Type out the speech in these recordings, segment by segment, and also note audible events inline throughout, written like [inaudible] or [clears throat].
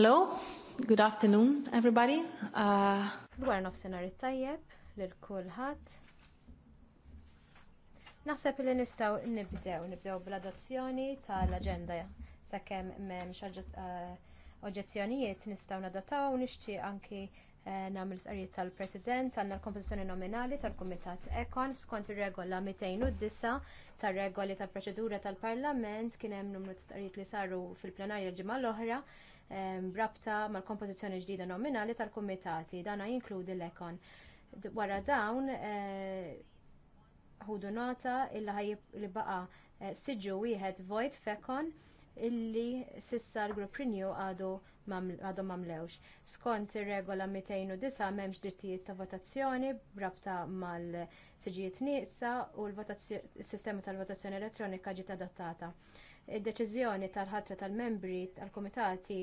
Hello, good afternoon everybody. Uh, Dwar nofsinhar it-tajjeb lil kulħadd. Naħseb li nistgħu nibdew, nibdew bl-adozzjoni tal-aġenda sakemm m'hemmx uh, oġġezzjonijiet nistgħu nadottaw u nixtieq anki uh, nagħmel sqarijiet tal-President għandna l-kompożizzjoni nominali tal-Kumitat Ekon skont ir-regola 209 tar-regoli tal-proċedura tal-Parlament kien hemm numru ta' li saru fil-plenarja l-ġimgħa l-oħra brabta mal-kompożizzjoni ġdida nominali tal-kumitati. Dana jinkludi l-ekon. Wara dawn eh, ħudu nota illa ħaj li baqa eh, siġu wieħed vojt fekon illi sissa l-grupp Renew għadu għadu mamlewx. Skont ir-regola 209 m'hemmx drittijiet ta' votazzjoni brabta mal-siġijiet nieqsa u l-sistema tal-votazzjoni elettronika ġiet adottata id-deċiżjoni tal-ħatra tal-membri tal-komitati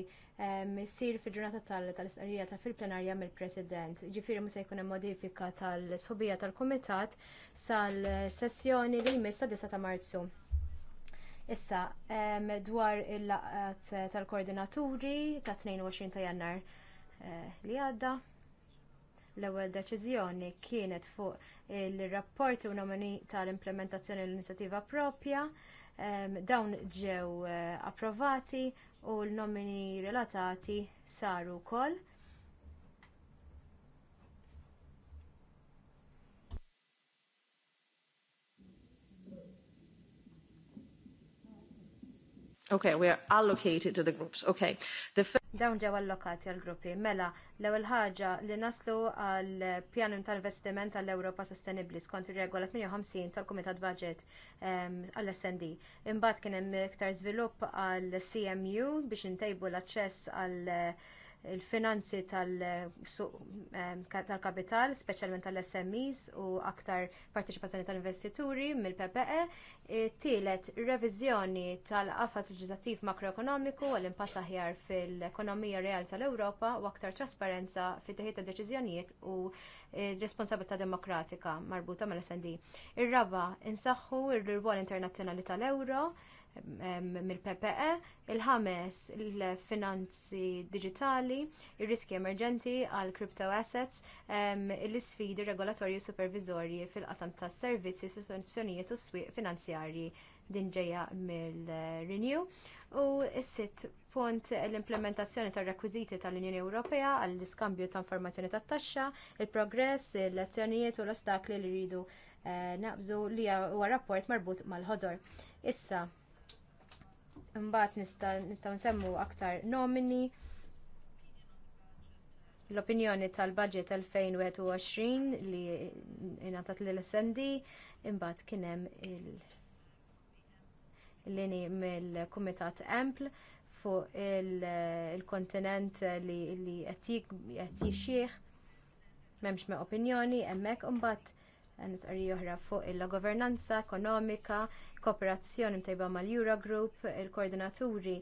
ssir fil-ġurnata tal-istqarrija ta' fil-plenarja mill-President. Ġifiri musa jkun hemm modifika tal-sħubija tal-kumitat sal-sessjoni li jmiss ta' 9 ta' Marzu. Issa, dwar il laqgħat tal-koordinaturi ta' 22 ta' jannar eh, li għadda, l-ewwel deċiżjoni kienet fuq ir rapporti u nomini tal-implementazzjoni l-inizjattiva proprja dawn ġew eh, approvati u l-nomini relatati saru wkoll. Okay, we are allocated to the groups. Okay. The dawn ġew allokati għall gruppi. Mela, l-ewwel ħaġa li naslu għal pjan tal investiment għall ewropa Sostenibbli skont ir-regola 58 tal-Kumitat Budget għall-SND. Imbagħad kien hemm iktar żvilupp għall CMU biex intejbu l-aċċess għall il-finanzi tal-kapital, speċjalment tal-SMEs u aktar parteċipazzjoni tal-investituri mill-PPE, e, tielet reviżjoni tal-qafas leġislattiv makroekonomiku għall impatt aħjar fil-ekonomija reali tal-Ewropa u aktar trasparenza fit teħid ta' deċiżjonijiet u e, responsabilità demokratika marbuta mal-SND. Ir-raba, insaħħu r rwol internazzjonali tal-Ewro, mill-PPE, il-ħames il-finanzi digitali, ir riski emerġenti għal crypto assets, l isfidi regolatorji supervizorji fil-qasam tas servizzi, istituzzjonijiet u swieq finanzjarji din ġejja mill-Renew. U s-sitt punt l-implementazzjoni tar rekwiżiti tal-Unjoni Ewropea għall-iskambju ta' informazzjoni tat-taxxa, il-progress, il-lezzjonijiet u l-ostakli li rridu eh, naqbżu li huwa rapport marbut mal-ħodor. Issa, Imbagħad nistgħu nsemmu aktar nomini l-opinjoni tal-budget 2021 li ingħatat lill snd imbagħad kien hemm il-lini mill-Kumitat Ampl fuq il-kontinent li qed jixxieħ m'hemmx me opinjoni hemmhekk imbagħad nisqari oħra fuq il-governanza ekonomika, kooperazzjoni mtejba mal-Eurogroup, il-koordinaturi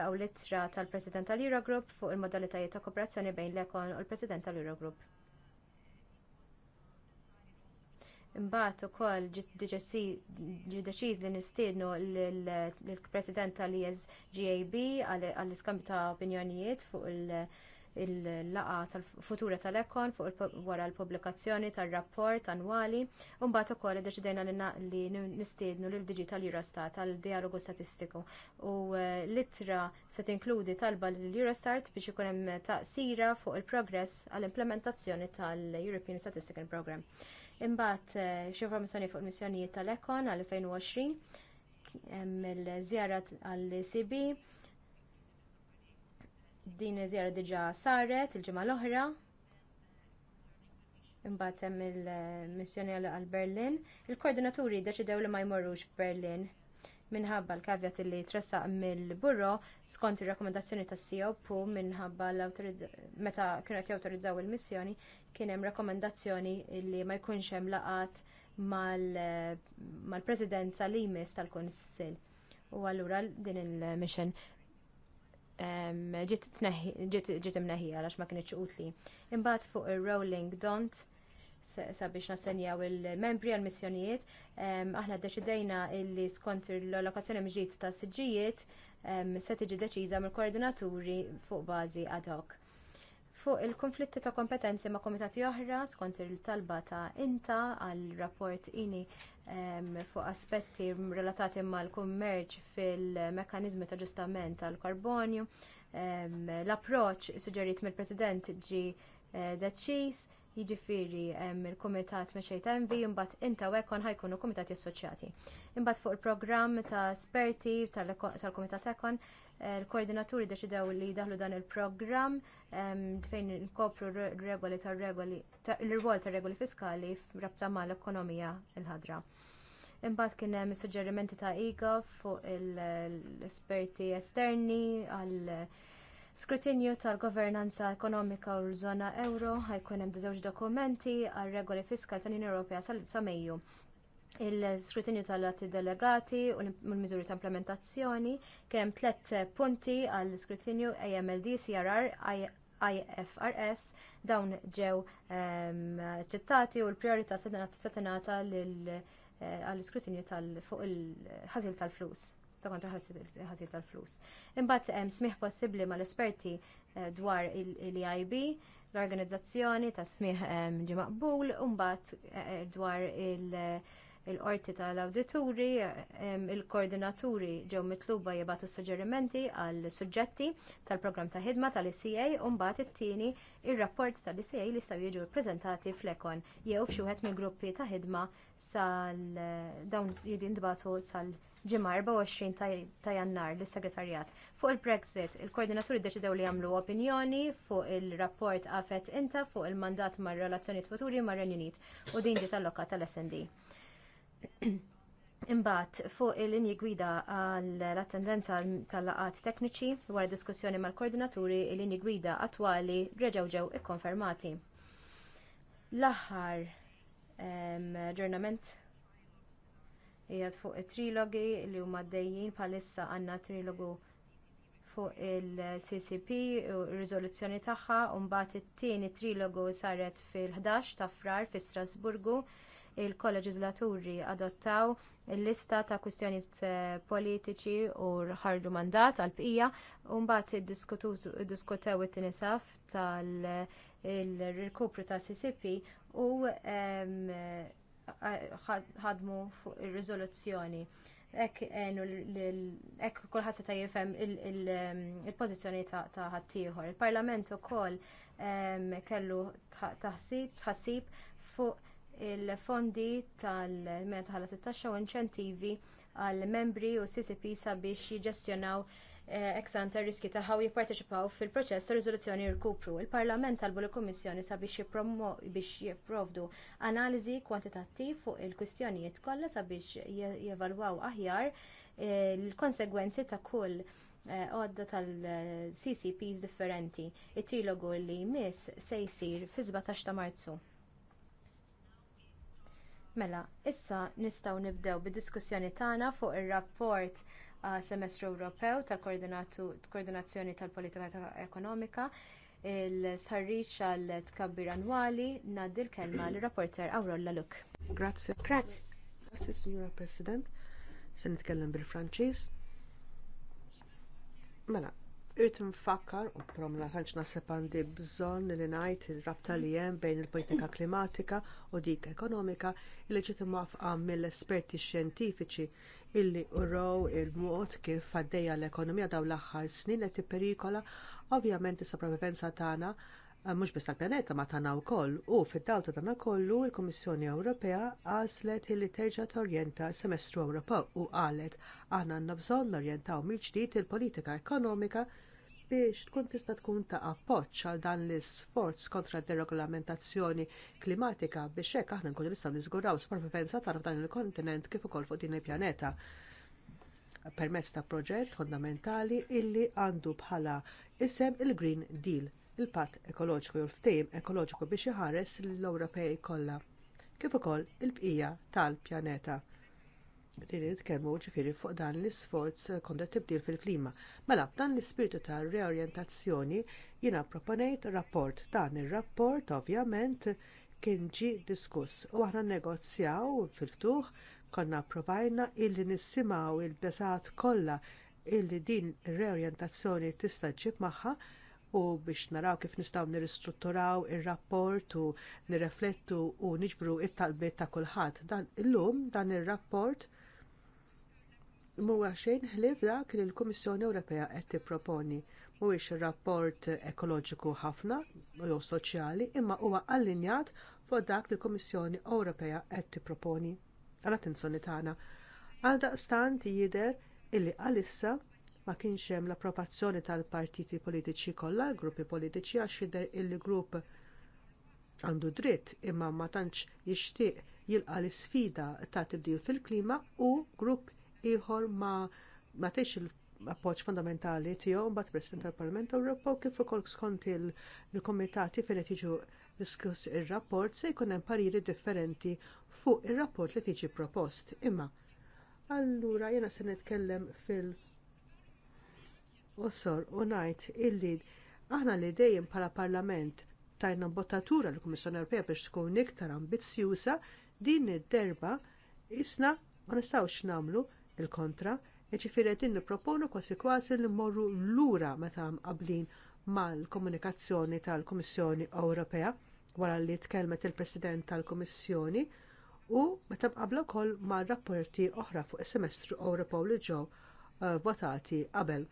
laqgħu litra tal-President tal-Eurogroup fuq il-modalitajiet ta' kooperazzjoni bejn l-ekon u l-President tal-Eurogroup. Imbagħad ukoll ġie deċiż li nistiednu lill president tal-ESGAB għall-iskambju ta' opinjonijiet fuq il- il-laqa tal-futura tal-ekon fuq wara l-pubblikazzjoni tar-rapport annwali u mbagħad ukoll deċidejna li nistiednu lil Digital Eurostat tal dialogu statistiku u eh, l-ittra se tinkludi talba lill Eurostat biex ikun hemm taqsira fuq il-progress għall-implementazzjoni tal-European Statistical Programme. Imbagħad eh, xi informazzjoni fuq il missjonijiet tal-ekon għal 2020 hemm il-żjara għall-CB Din iżjara diġà saret il-ġimgħa l-oħra. Imbagħad hemm il-missjoni għal Berlin. Il-koordinaturi deċidew li ma jmorrux Berlin minħabba l-kavjat li tressaq mill-burro skont ir-rakkomandazzjoni tas COP minħabba meta kienu qed jawtorizzaw il-missjoni kien hemm rakkomandazzjoni li ma jkunx hemm laqat mal-presidenza li jmiss tal-Kunsill. U allura din il-mission ġiet imneħija għax ma kienieċ utli. Imbagħad fuq ir-rolling don't sabiex nassenjaw il-membri għall missjonijiet aħna ddeċidejna li skont l-allokazzjoni mġiet ta' siġijiet se tiġi deċiża mill-koordinaturi fuq bażi ad hoc. Fuq il-konflitti ta' kompetenzi ma' komitati oħra skont il-talba ta' inta għal rapport ini fuq aspetti relatati mal-kummerċ fil-mekanizmi ta' ġustament tal-karbonju. l approċċ suġġerit mill-President ġi eh, deċiż, jiġifieri il-Kumitat Mexej Envi, imbagħad inta u ekon ħajkunu kumitati assoċjati. Imbagħad fuq il-programm ta' esperti tal-Kumitat Ekon Eh, l-koordinaturi deċidew li daħlu dan il-programm fejn nkopru regoli tar regoli l-rwol tar regoli fiskali rabta mal ekonomija il-ħadra. Imbagħad kien hemm suġġerimenti ta' IGA fuq l-esperti esterni għal skrutinju tal-governanza ekonomika u l-żona euro ħajkun hemm żewġ dokumenti għal regoli fiskali tal-Unjoni Ewropea sa' Mejju il-skrutinju tal-atti delegati u l-miżuri ta' implementazzjoni kemm tliet eh, punti għall skrutinju AMLD, CRR, IFRS dawn ġew ehm, ċittati u l-priorità tingħata eh, għall-iskrutinju fuq il-ħasil tal-flus ta' kontra ħasil tal-flus. Imbagħad hemm smigħ possibbli mal-esperti eh, dwar l-EIB, l-organizzazzjoni ta' smih ehm, ġi maqbul, u mbagħad dwar il- il-qorti tal-awdituri, il-koordinaturi ġew mitluba jibatu suġġerimenti għal suġġetti tal-programm ta' ħidma tal-ICA u mbagħad it-tieni ir-rapport tal-ICA li jistgħu jiġu ppreżentati fl jew f'xi wieħed mill-gruppi ta' ħidma sal dawn jiġu jintbagħtu sal ġimgħa 24 ta' jannar lis segretarjat Fuq il-Brexit, il-koordinaturi ddeċidew li jagħmlu opinjoni fuq il-rapport għafet inta fuq il-mandat mar relazzjonijiet futuri mar-Renju Unit u din ġiet allokata tal-SND. [clears throat] Imbagħad fuq il-linji gwida għall attendenza tal-laqat tekniċi wara diskussjoni mal-koordinaturi il-linji gwida attwali reġgħu ġew ikkonfermati. L-aħħar ġurnament jgħad fuq it-trilogi li huma għaddejjin bħalissa għandna trilogu fuq il-CCP u r-riżoluzzjoni tagħha u mbagħad it-tieni trilogu saret fil-11 ta' frar fi Strasburgu il-kolleġislaturi adottaw il-lista ta' kwistjonijiet eh, politiċi u ħarġu mandat għal bqija u mbagħad iddiskutew eh, it-tinisaf tal-rikupru ta' CCP u ħadmu fuq ir-riżoluzzjoni ek enu ek kullħat se ta' jifhem il-pożizzjoni ta' ħaddieħor. Il-Parlament ukoll kellu tħassib fuq il-fondi tal-meta ħala 16 u inċentivi għall membri u CCP sabiex jiġġestjonaw eksanta eh, riski taħħa u jipparteċipaw fil-proċess ta' riżoluzzjoni rkupru. Il-Parlament talbu l-Kummissjoni sabiex jipprovdu analiżi kwantitattiv fuq il-kwistjonijiet kollha sabiex jevalwaw aħjar il-konsegwenzi eh, ta' kull eh, għodda tal-CCPs differenti. It-trilogu li jmiss se jsir fi 17 ta' Marzu. Mela, issa nistgħu nibdew bid-diskussjoni tagħna fuq ir-rapport uh, semestru Ewropew tal-koordinazzjoni tal-politika ekonomika il-sarriċ għal tkabbir annwali ngħaddi l-kelma l-rapporter Awrolla Laluk. Grazie. Grazie. Grazie, Signora President. Se nitkellem bil-Franċiż. Mela, Irt nfakkar, u prom la ħanċ nasib għandi bżonn li ngħid il-rabta li hemm bejn il-politika klimatika u dik ekonomika li ġiet mill-esperti xjentifiċi illi uraw il-mod kif għaddejja l-ekonomija dawn l-aħħar snin qed tipperikola ovvjament is-sopravivenza tagħna Eh, mhux biss tal-pjaneta ma tagħna wkoll u fid-dawl ta' tagħna kollu l-Kummissjoni Ewropea għażlet li terġa' torjenta s semestru Ewropew u qalet aħna għandna bżonn norjentaw mill-ġdid il-politika ekonomika biex tkun tista' tkun ta' appoġġ għal dan l-isforz kontra d-deregolamentazzjoni klimatika biex hekk aħna nkunu nistgħu niżguraw sopravivenza tagħna f'dan il-kontinent kif ukoll fuq din il-pjaneta permezz ta' proġett fondamentali illi għandu bħala isem il-Green Deal il-patt ekoloġiku u l-ftehim ekoloġiku biex iħares l-Ewropej kollha kif ukoll il-bqija tal-pjaneta. Din nitkellmu ġifieri fuq dan l-isforz kontra tibdil fil-klima. Mela f'dan l-ispirtu ta' reorjentazzjoni jiena proponejt rapport. Dan ir-rapport ovvjament kien ġie diskuss u aħna nnegozjaw fil-ftuħ konna provajna illi nissimaw il-besat kollha illi din ir reorjentazzjoni tista' ġib magħha u biex naraw kif nistgħu nirristrutturaw ir-rapport u nirreflettu u niġbru t talbiet ta' kulħadd. Dan illum dan ir-rapport mhuwa xejn ħlif dak li l-Kummissjoni Ewropea qed tipproponi. Mhuwiex ir rapport ekoloġiku ħafna jew soċjali imma huwa allinjat fuq dak li l-Kummissjoni Ewropea qed tipproponi. Għal attenzjoni tagħna. Għaldaqstant jidher illi għalissa ma kienx hemm l-approvazzjoni tal-partiti politiċi kollha, gruppi politiċi għax jidher il-grupp għandu dritt imma ma tantx jixtieq jilqa l-isfida ta' tibdil fil-klima u grupp ieħor ma ma il appoġġ fondamentali tiegħu mbagħad President tal-Parlament Ewropew kif ukoll skont il-kumitati fejn qed jiġu diskuss ir-rapport se jkun hemm pariri differenti fuq ir-rapport li tiġi propost. Imma allura jiena se nitkellem fil- osor u ngħid illi aħna li dejjem bħala parlament tajna bottatura l-Kummissjoni Ewropea biex tkun iktar ambizzjuża din id-derba isna ma nistgħux nagħmlu l kontra jiġifieri qegħdin nipproponu kważi kważi li mmorru lura meta mqablin mal-komunikazzjoni tal-Kummissjoni Ewropea wara li tkellmet il-President tal-Kummissjoni u meta mqabbla wkoll mar rapporti oħra fuq is-semestru Ewropew li ġew eh, votati qabel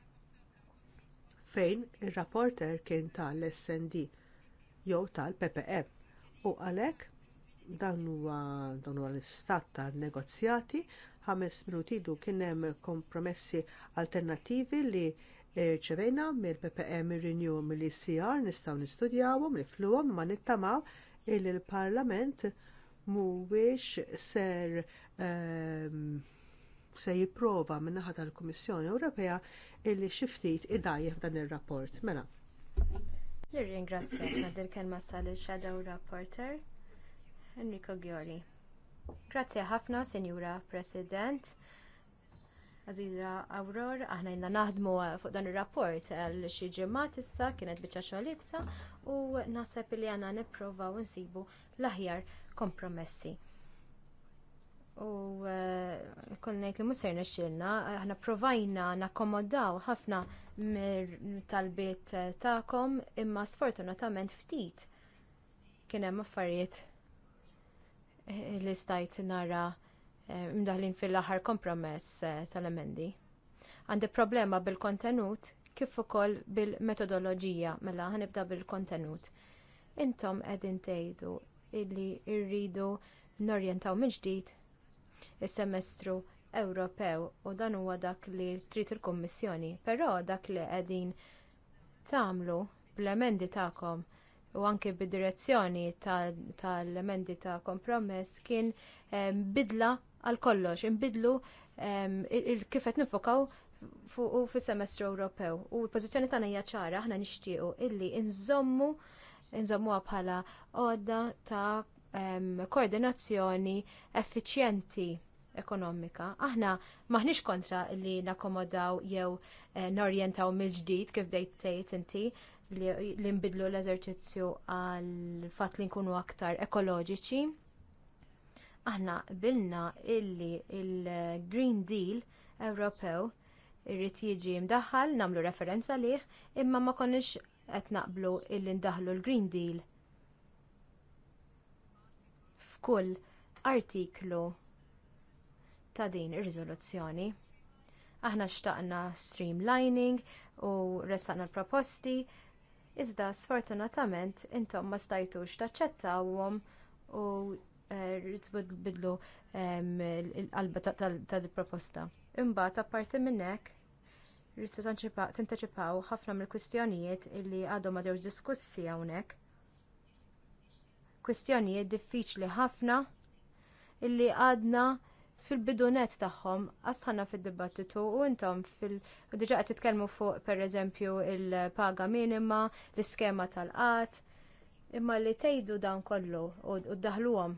fejn ir rapporter kien tal-SND jew tal-PPE u għalhekk dan huwa l-istat tan negozjati ħames minuti ilu kien hemm kompromessi alternattivi li rċevejna mill ppm e, mir-Renew mill-ICR nistgħu nistudjawhom nifluhom ma nittamaw illi l-Parlament mhuwiex ser um, se jipprova min-naħa tal-Kummissjoni Ewropea illi xi ftit idajjef f'dan ir rapport Mela. Nirringrazzjak għad il-kelma sal shadow Rapporter Enrico Gjoli. Grazzi ħafna, senjura President. Għazira Auror, aħna jina naħdmu eh, fuq dan il-rapport għal eh, xi ġimgħat issa kienet biċċa xogħol u naħseb li għandna nipprovaw nsibu l-aħjar kompromessi. U eh, kolnejt li musserna xilna, aħna provajna nakkomodaw ħafna mir talbiet eh, tagħkom, imma sfortunatament ftit kien hemm affarijiet eh, li stajt nara mdaħlin fil-aħħar kompromess tal-emendi. Għandi problema bil-kontenut kif ukoll bil-metodoloġija mela ħanibda bil-kontenut. Intom qegħdin tgħidu illi rridu norjentaw minn ġdid is-semestru Ewropew u dan huwa dak li trid il-Kummissjoni, però dak li qegħdin tagħmlu bl-emendi tagħkom u anke bid-direzzjoni tal-emendi ta', kompromess kien ehm, bidla għal kollox, inbidlu ehm, kif qed nifokaw fuq fis semestru Ewropew. U l-pożizzjoni tagħna hija ċara, aħna nixtiequ illi nżommu nżommuha bħala għodda ta' ehm, koordinazzjoni effiċjenti ekonomika. Aħna maħniex kontra li nakomodaw jew eh, norjentaw mill-ġdid kif bdejt tgħid inti li nbidlu l-eżerċizzju għal fatt li nkunu aktar ekoloġiċi. Aħna bilna illi il-Green Deal Ewropew irrid jiġi mdaħħal, nagħmlu referenza liħ, imma ma konniex qed naqblu illi ndaħlu l-Green Deal. F'kull artiklu ta' din ir-riżoluzzjoni. Aħna xtaqna streamlining u ressaqna l-proposti, iżda sfortunatament intom ma stajtux taċċettawhom u eh, bidlu l-qalba ta' proposta Imbagħad apparti minn hekk rritu tintaċipaw ħafna mill-kwistjonijiet li għadhom ma ġewx diskussi hawnhekk. Kwistjonijiet diffiċli ħafna illi għadna fil-bidunet tagħhom għasħana fid-dibattitu u intom fil-diġa qed titkellmu fuq pereżempju l paga minima, l-iskema tal-qat, imma li tgħidu dan kollu u ddaħluhom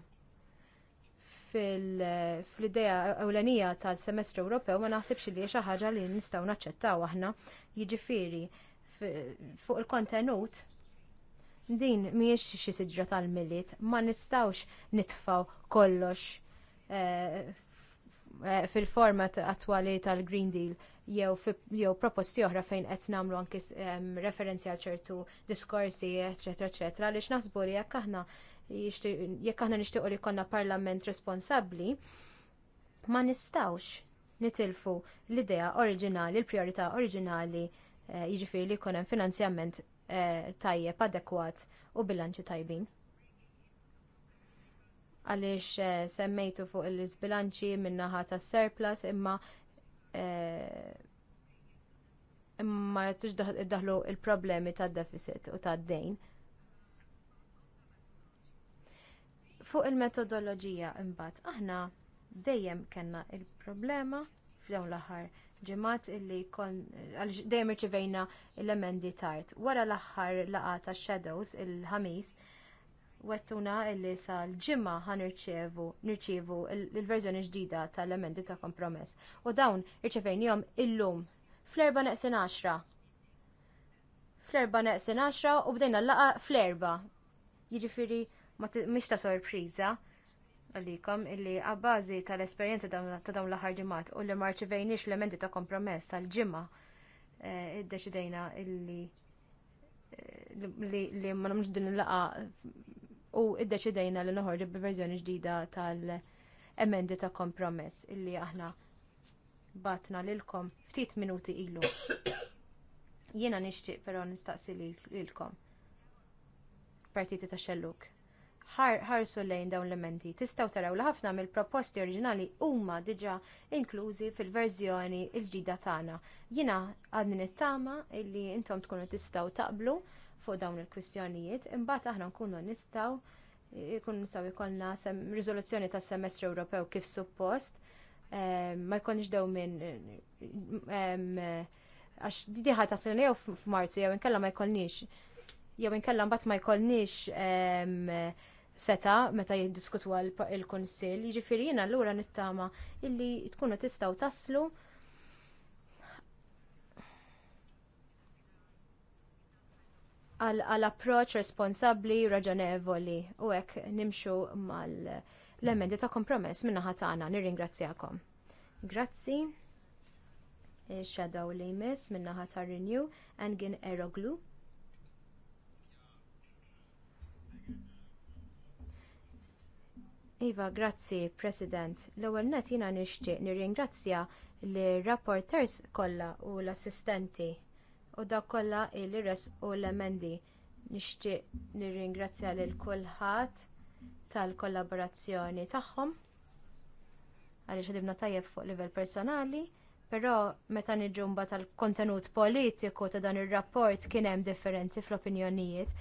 fil-idea ewlenija tal-semestru Ewropew ma naħsibx li xi ħaġa li nistgħu naċċettaw aħna jiġifieri fuq il-kontenut din mhijiex xi siġra tal milied ma nistgħux nitfgħu kollox eh, Eh, fil-format attwali tal-Green Deal jew, jew proposti oħra fejn qed nagħmlu anki referenzi għal ċertu diskorsi, eċetera, eċetera, għaliex naħsbu li jekk aħna jekk aħna nixtiequ li jkollna parlament responsabbli, ma nistawx nitilfu l-idea oriġinali, l-priorità oriġinali eh, jiġifieri li jkun hemm finanzjament eh, tajjeb adekwat u bilanċi tajbin għaliex eh, semmejtu fuq il-sbilanċi min-naħa tas surplus imma eh, imma rridux iddaħlu l problemi tad deficit u tad dejn. Fuq il-metodoloġija imbagħad aħna dejjem kellna l problema f'dawn l-aħħar ġimgħat illi kon dejjem irċivejna l-emendi tard. Wara l-aħħar laqgħa tax shadows il-ħamis, il ħames il ħamis wettuna illi l ġimma ħan nirċievu il-verżjoni ġdida tal-emendi ta' kompromess. U dawn irċevejnijom illum fl-erba neqsin 10. Fl-erba neqsin 10 u bdejna l-laqa fl-erba. Jiġifieri mhix ta' sorpriża għalikom illi għabbażi tal-esperjenza ta' dawn l-aħħar ġimgħat u li ma rċevejniex l-emendi ta' kompromess tal-ġimma eh, iddeċidejna illi eh, li ma nagħmlux din il-laqa u id-deċidejna li noħorġu b'verżjoni ġdida tal-emendi ta' kompromess illi aħna batna lilkom ftit minuti ilu. Jiena nixtieq però nistaqsi lilkom. Partiti ta' xelluk. Ħarsu lejn dawn l-emendi. Tistgħu taraw li ħafna mill-proposti oriġinali huma diġa' inklużi fil-verżjoni l ġdida tagħna. Jiena għadni nittama illi intom tkunu tistgħu taqblu fuq dawn il-kwistjonijiet, imbagħad aħna nkunu nistgħu jkun nistgħu jkollna riżoluzzjoni tas-semestru Ewropew kif suppost, eh, ma jkunx dew minn għax diħa ta' jew f'Marzu jew inkella ma jkollniex jew inkella mbagħad ma jkollniex seta meta jiddiskutu il-Kunsill, jiġifieri jiena allura nittama illi tkunu tistgħu taslu għal approċ responsabli raġonevoli u hekk nimxu mal-emendi ta' kompromess minna ħatana nirringrazzjakom. Grazzi. Shadow lejmiss jmiss minna ħatar Renew Engin Eroglu. Iva, grazzi, President. L-ewwel net jiena nixtieq nirringrazzja l-rapporters kollha u l-assistenti u dak kollha li resqu l-emendi. Nixtieq nirringrazzja lil kulħadd tal-kollaborazzjoni tagħhom għaliex ħadibna tajjeb fuq livell personali, però meta niġu mbagħad tal-kontenut politiku ta' dan ir-rapport kien hemm differenti fl-opinjonijiet.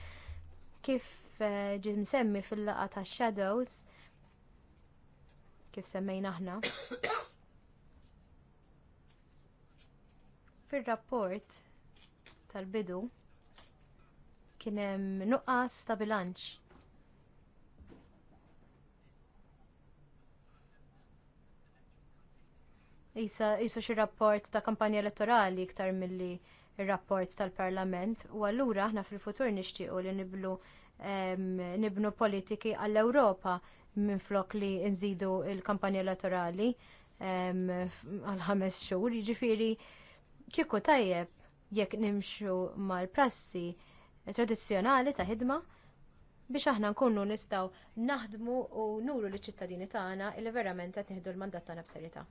Kif eh, ġi msemmi fil laqgħa tax shadows kif semmejna aħna. [coughs] fir rapport tal-bidu kien hemm nuqqas ta' bilanċ. Isa, isa xi rapport ta' kampanja elettorali iktar milli rapport tal-Parlament u allura aħna fil-futur nixtiequ li niblu em, nibnu politiki għall-Ewropa minflok li nżidu l kampanja elettorali għal ħames xhur, jiġifieri kieku tajjeb jekk nimxu mal-prassi tradizzjonali ta' ħidma biex aħna nkunu nistgħu naħdmu u nuru liċ ċittadini tagħna li verament qed nieħdu l-mandat tagħna b'serjetà.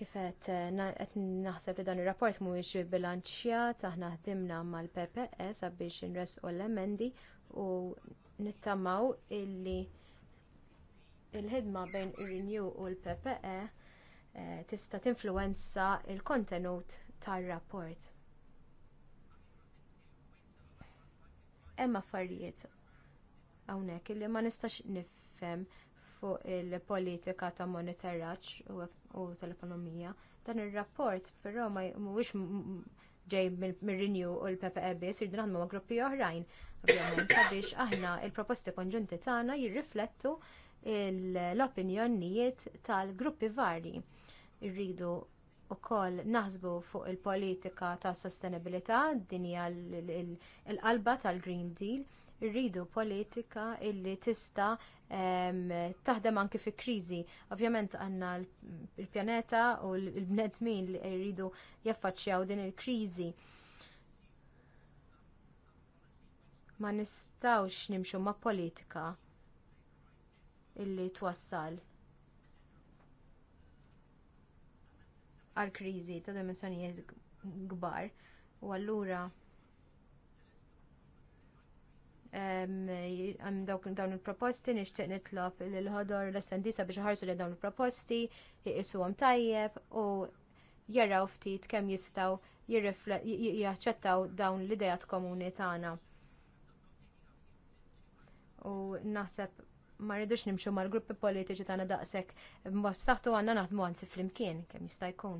Kif eh, qed naħseb li dan ir-rapport mhuwiex bilanċjat aħna ħdimna mal pps sabiex inresqu l-emendi u nittamaw illi il-ħidma bejn ir-Renew u l-PPE eh, tista' tinfluwenza l kontenut tar-rapport. Hemm affarijiet hawnhekk li ma nistax nifhem fuq il-politika ta' monitoraġġ u tal-ekonomija. Dan ir-rapport però ma mhuwiex ġej mir-Renew u l-PPE biss irdu naħdmu ma' gruppi oħrajn. Ovvjament sabiex aħna l proposti konġunti tagħna jirriflettu l-opinjonijiet tal-gruppi varji. Irridu ukoll naħsbu fuq il-politika ta' sostenibilità din hija l-qalba tal-Green Deal. Irridu politika illi tista taħdem anki fi kriżi. Ovvjament għandna l-pjaneta u l-bnedmin li jridu jaffaċċjaw din il-kriżi. Ma nistawx nimxu ma' politika illi twassal għal kriżi ta' dimensjonijiet kbar u allura għam dawn il-proposti, nixtieq nitlob l-ħodor l-essendisa biex ħarsu li dawn il-proposti, jisuhom tajjeb u jaraw ftit kemm jistgħu jaċċettaw dawn l-idejat komuni tagħna. U naħseb ma rridux nimxu mal-gruppi politiċi tagħna daqshekk b'mod b'saħħtu għandna naħdmu anzi flimkien kemm jista' jkun.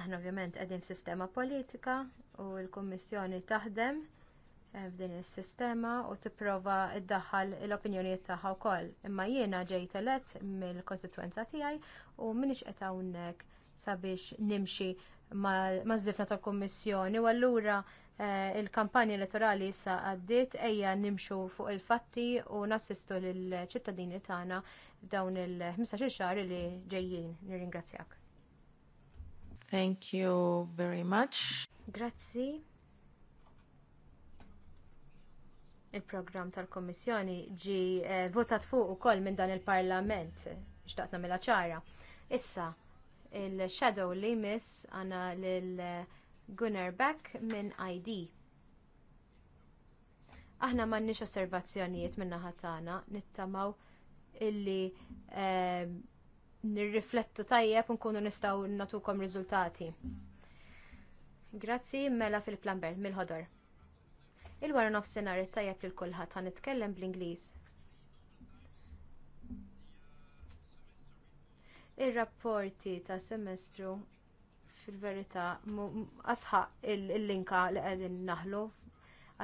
Aħna ovvjament qegħdin sistema politika u l-Kummissjoni taħdem eh, f'din is-sistema u tipprova ddaħħal l-opinjonijiet tagħha wkoll. Imma jiena ġejt elett mill-konsitwenza tiegħi u minix qed hawnhekk sabiex nimxi maż-żifna tal-Kummissjoni u allura eh, il-kampanja elettorali issa għaddiet ejja nimxu fuq il-fatti u nassistu lill-ċittadini tagħna f'dawn il-15 xahar li ġejjin. Nirringrazzjak. Thank you very much. Grazzi. Il-programm tal-Kommissjoni ġi eh, votat fuq ukoll minn dan il-Parlament. Xtaqt nagħmilha ċara. Issa, il-shadow li jmiss għandna lil eh, Gunnar Beck minn ID. Aħna m'għandniex osservazzjonijiet minn naħa tagħna, nittamaw illi eh, nirriflettu tajjeb nkunu nistgħu natukom riżultati. Grazzi mela fil plumber mill-ħodor. Il-wara nofsinhar it-tajjeb lil kulħadd ħanitkellem bl-Ingliż Ir-rapporti ta' semestru fil-verità asħaq il-linka li qegħdin naħlu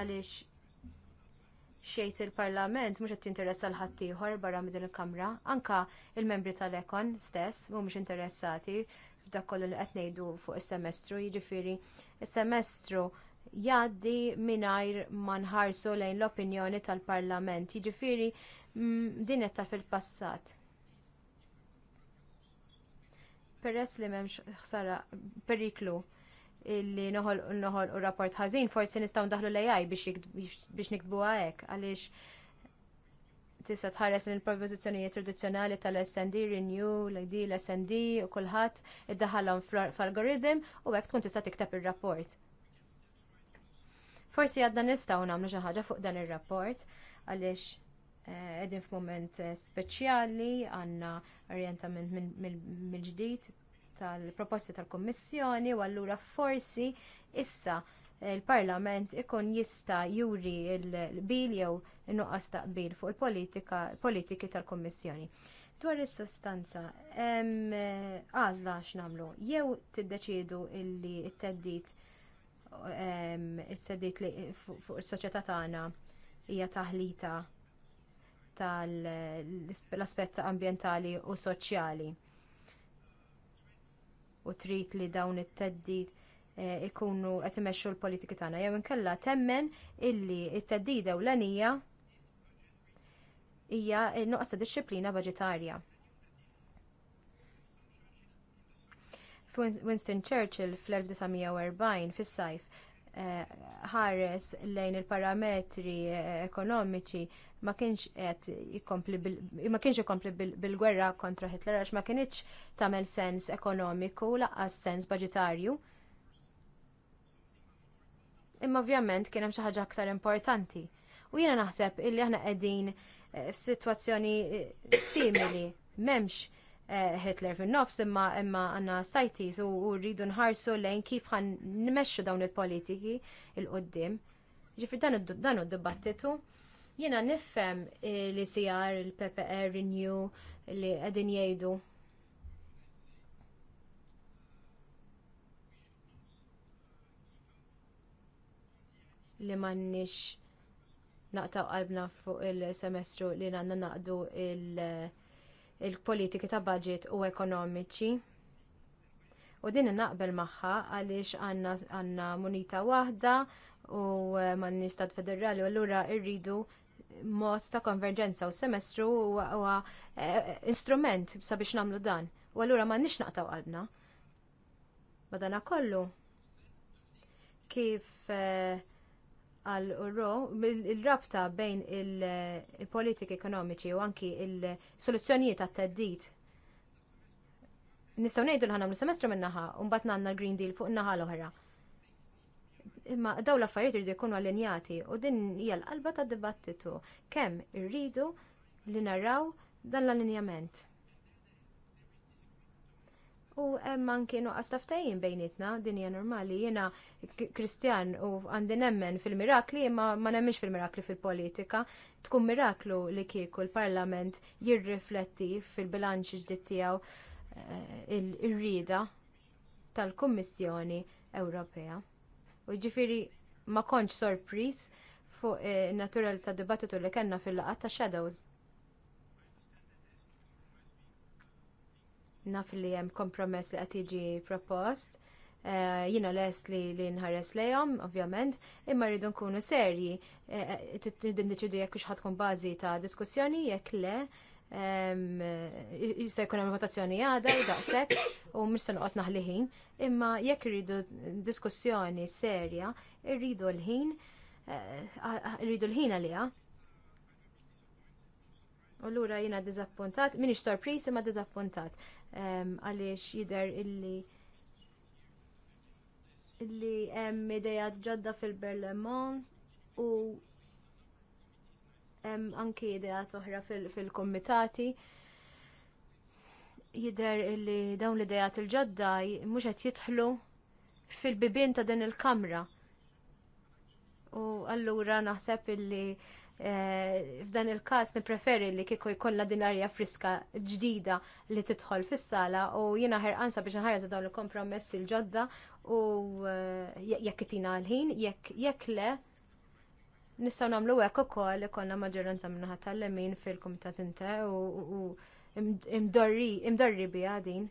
għaliex xejt il-parlament mhux qed jinteressa l ħaddieħor barra midin il-kamra, anke l membri tal-ekon stess mhumiex interessati f'dak kollu li qed ngħidu fuq is-semestru, jiġifieri is-semestru jgħaddi mingħajr ma nħarsu lejn l-opinjoni tal-parlament. Jiġifieri mm, din qed fil-passat Peress li m'hemmx ħsara periklu illi noħol noħol u rapport ħażin, forsi nistgħu ndaħlu l-AI biex nikbu hekk għaliex tista' tħares lil propożizzjonijiet tradizzjonali tal-SND, Renew, l-ID, l-SND u kulħadd iddaħħalhom fl-algoritm u hekk tkun tista' tikteb ir-rapport. Forsi għadna nistgħu nagħmlu xi ħaġa fuq dan ir-rapport għaliex edin f-moment eh, speċjali għandna orientament mill-ġdid tal-proposti tal kummissjoni u allura forsi issa l parlament ikun jista juri l-bil jew nuqqas ta' qbil fuq il-politiki tal kummissjoni Dwar is-sostanza, eh, għażla x'namlu, jew tiddeċiedu illi t-teddit it-teddit ehm, fuq is-soċjetà tagħna hija taħlita tal-aspett ambjentali u soċjali. U trid li dawn it-teddid eh, ikunu qed imexxu l-politiki tagħna jew inkella temmen illi t teddida ewlenija hija nuqqas ta' disċiplina budġetarja. Winston Churchill fl-1940 fis-sajf eh, ħares lejn il-parametri eh, ekonomiċi ma kienx qed jikompli ma kienx ikompli bil-gwerra kontra Hitler għax ma kienx tagħmel sens ekonomiku laqqas sens budgetarju. Imma ovvjament kien hemm xi ħaġa aktar importanti. U jiena naħseb illi aħna qegħdin eh, f'sitwazzjoni eh, simili m'hemmx eh, Hitler fin-nofs imma imma għandna sajtis u rridu nħarsu lejn kif ħan nimexxu dawn il-politiki il-qoddim. Ġifri dan id-dibattitu Jiena nifhem eh, li sijar il-PPR Renew li qegħdin jgħidu. li m'għandniex naqtaw qalbna fuq il-semestru li għandna naqdu il-politiki ta' budget u ekonomiċi. U din naqbel magħha għaliex għandna munita waħda u mannix nistat federali u allura rridu mod ta' konverġenza u semestru huwa eh, instrument sabiex nagħmlu dan. U allura ma nix naqtaw qalbna. Madana kollu kif eh, għal urro il-rabta bejn eh, il-politiki ekonomiċi u anki il-soluzzjonijiet għat-teddit Nistgħu ngħidu ħanam l semestru min-naħa u mbagħad l-Green Deal fuq in-naħa l-oħra. Imma daw l-affarijiet irridu jkunu allinjati u din hija l-qalba tad-dibattitu kemm irridu li naraw dan l-allinjament. U hemm anke nuqqas taftajin bejnietna, din hija normali. Jiena Kristjan u għandi nemmen fil-mirakli, imma ma nemmix fil-mirakli fil-politika. Tkun miraklu li kieku l-Parlament jirrifletti fil-bilanċ ġdid tiegħu eh, ir tal-Kummissjoni Ewropea. U ġifiri ma konċ sorpris fuq natural ta' dibattitu li kellna fil laqgħat ta' Shadows. Naf li hemm kompromess li qed jiġi propost. Uh, jina lest li li nħares lejom, ovvjament, imma rridu nkunu serji, Tiddin deċidu jekk xħatkun tkun bażi ta' diskussjoni, jekk le, jista' jkun hemm votazzjoni għada u daqshekk u mhux se noqgħod naħli ħin, imma jekk irridu diskussjoni serja, irridu l-ħin eh, irridu l-ħin għaliha. U lura jiena diżappuntat, minix sorpriż imma diżappuntat għaliex jidher illi li hemm ideja ġodda fil-Berlemont u anki idea toħra fil-komitati. Jider li dawn l-idejat il-ġodda mhux qed jidħlu fil-bibien ta' din il-kamra. U allura naħseb illi eh, f'dan il każ nippreferi li kieku jkollna din arja friska ġdida li tidħol fis-sala u jiena ħerqansa biex nħarsa dawn il-kompromessi l-ġodda u eh, jekk itina l-ħin, jekk le nistgħu nagħmlu hekk ukoll ikollna maġġoranza minnaħa tal-lemin fil-Kumitat Inte u imdorri biha din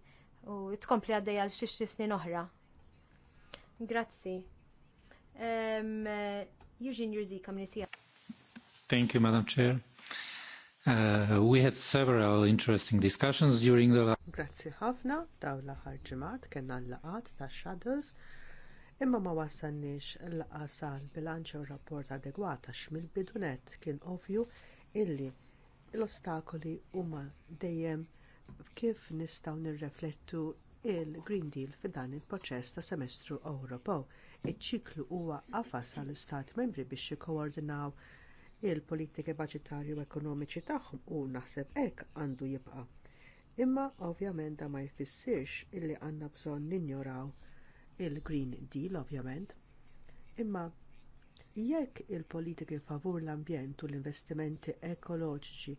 u tkompli għaddej għal xi snin oħra. Grazzi. Eugene Jurzika mnisija. Thank you, Madam Chair. Uh, we had several interesting discussions during the last. Grazzi ħafna dawla l-aħħar kellna l-laqat ta' shadows imma ma wassalniex l-qasal bilanċ jew rapport adegwat għax mill-bidu nett kien ovvju illi l-ostakoli huma dejjem kif nistgħu nirreflettu l green Deal f'dan il-proċess ta' semestru Ewropew. Iċ-ċiklu huwa qafas għall istat membri biex jikkoordinaw il-politiki baġitarju ekonomiċi tagħhom u naħseb hekk għandu jibqa' imma ovvjament ma jfissirx illi għandna bżonn ninjoraw il-Green Deal ovvjament, imma jekk il-politiki favur l-ambjent u l-investimenti ekoloġiċi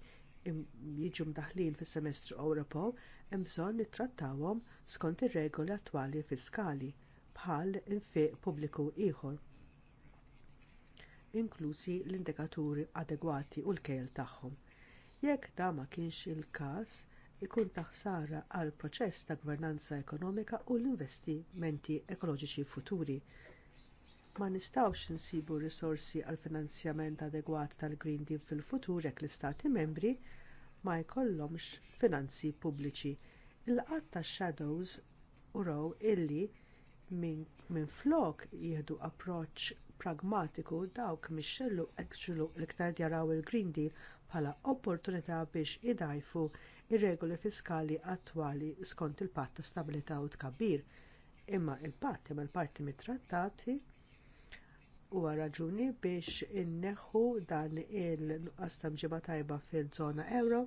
jiġu mdaħlin fis semestru Ewropew hemm bżonn nittrattawhom skont ir-regoli attwali fiskali bħal infiq pubbliku ieħor inklużi l-indikaturi adegwati u l-kejl tagħhom. Jekk da ma kienx il-każ, ikun taħsara għal proċess ta' gvernanza ekonomika u l-investimenti ekoloġiċi futuri. Ma nistgħux insibu risorsi għal finanzjament adegwat tal-Green Deal fil-futur jekk l-Istati membri ma jkollhomx finanzi pubbliċi. Il-qatt tax shadows uraw illi minflok jieħdu approċċ pragmatiku dawk mixxellu ekxulu l-iktar jaraw il-Green Deal bħala opportunità biex idajfu ir-regoli fiskali attwali skont il-patt ta' stabilità u tkabbir. Imma il-patt imma l-parti mit-trattati huwa raġuni biex inneħħu dan il-nuqqas ta' mġiba tajba fil-żona euro.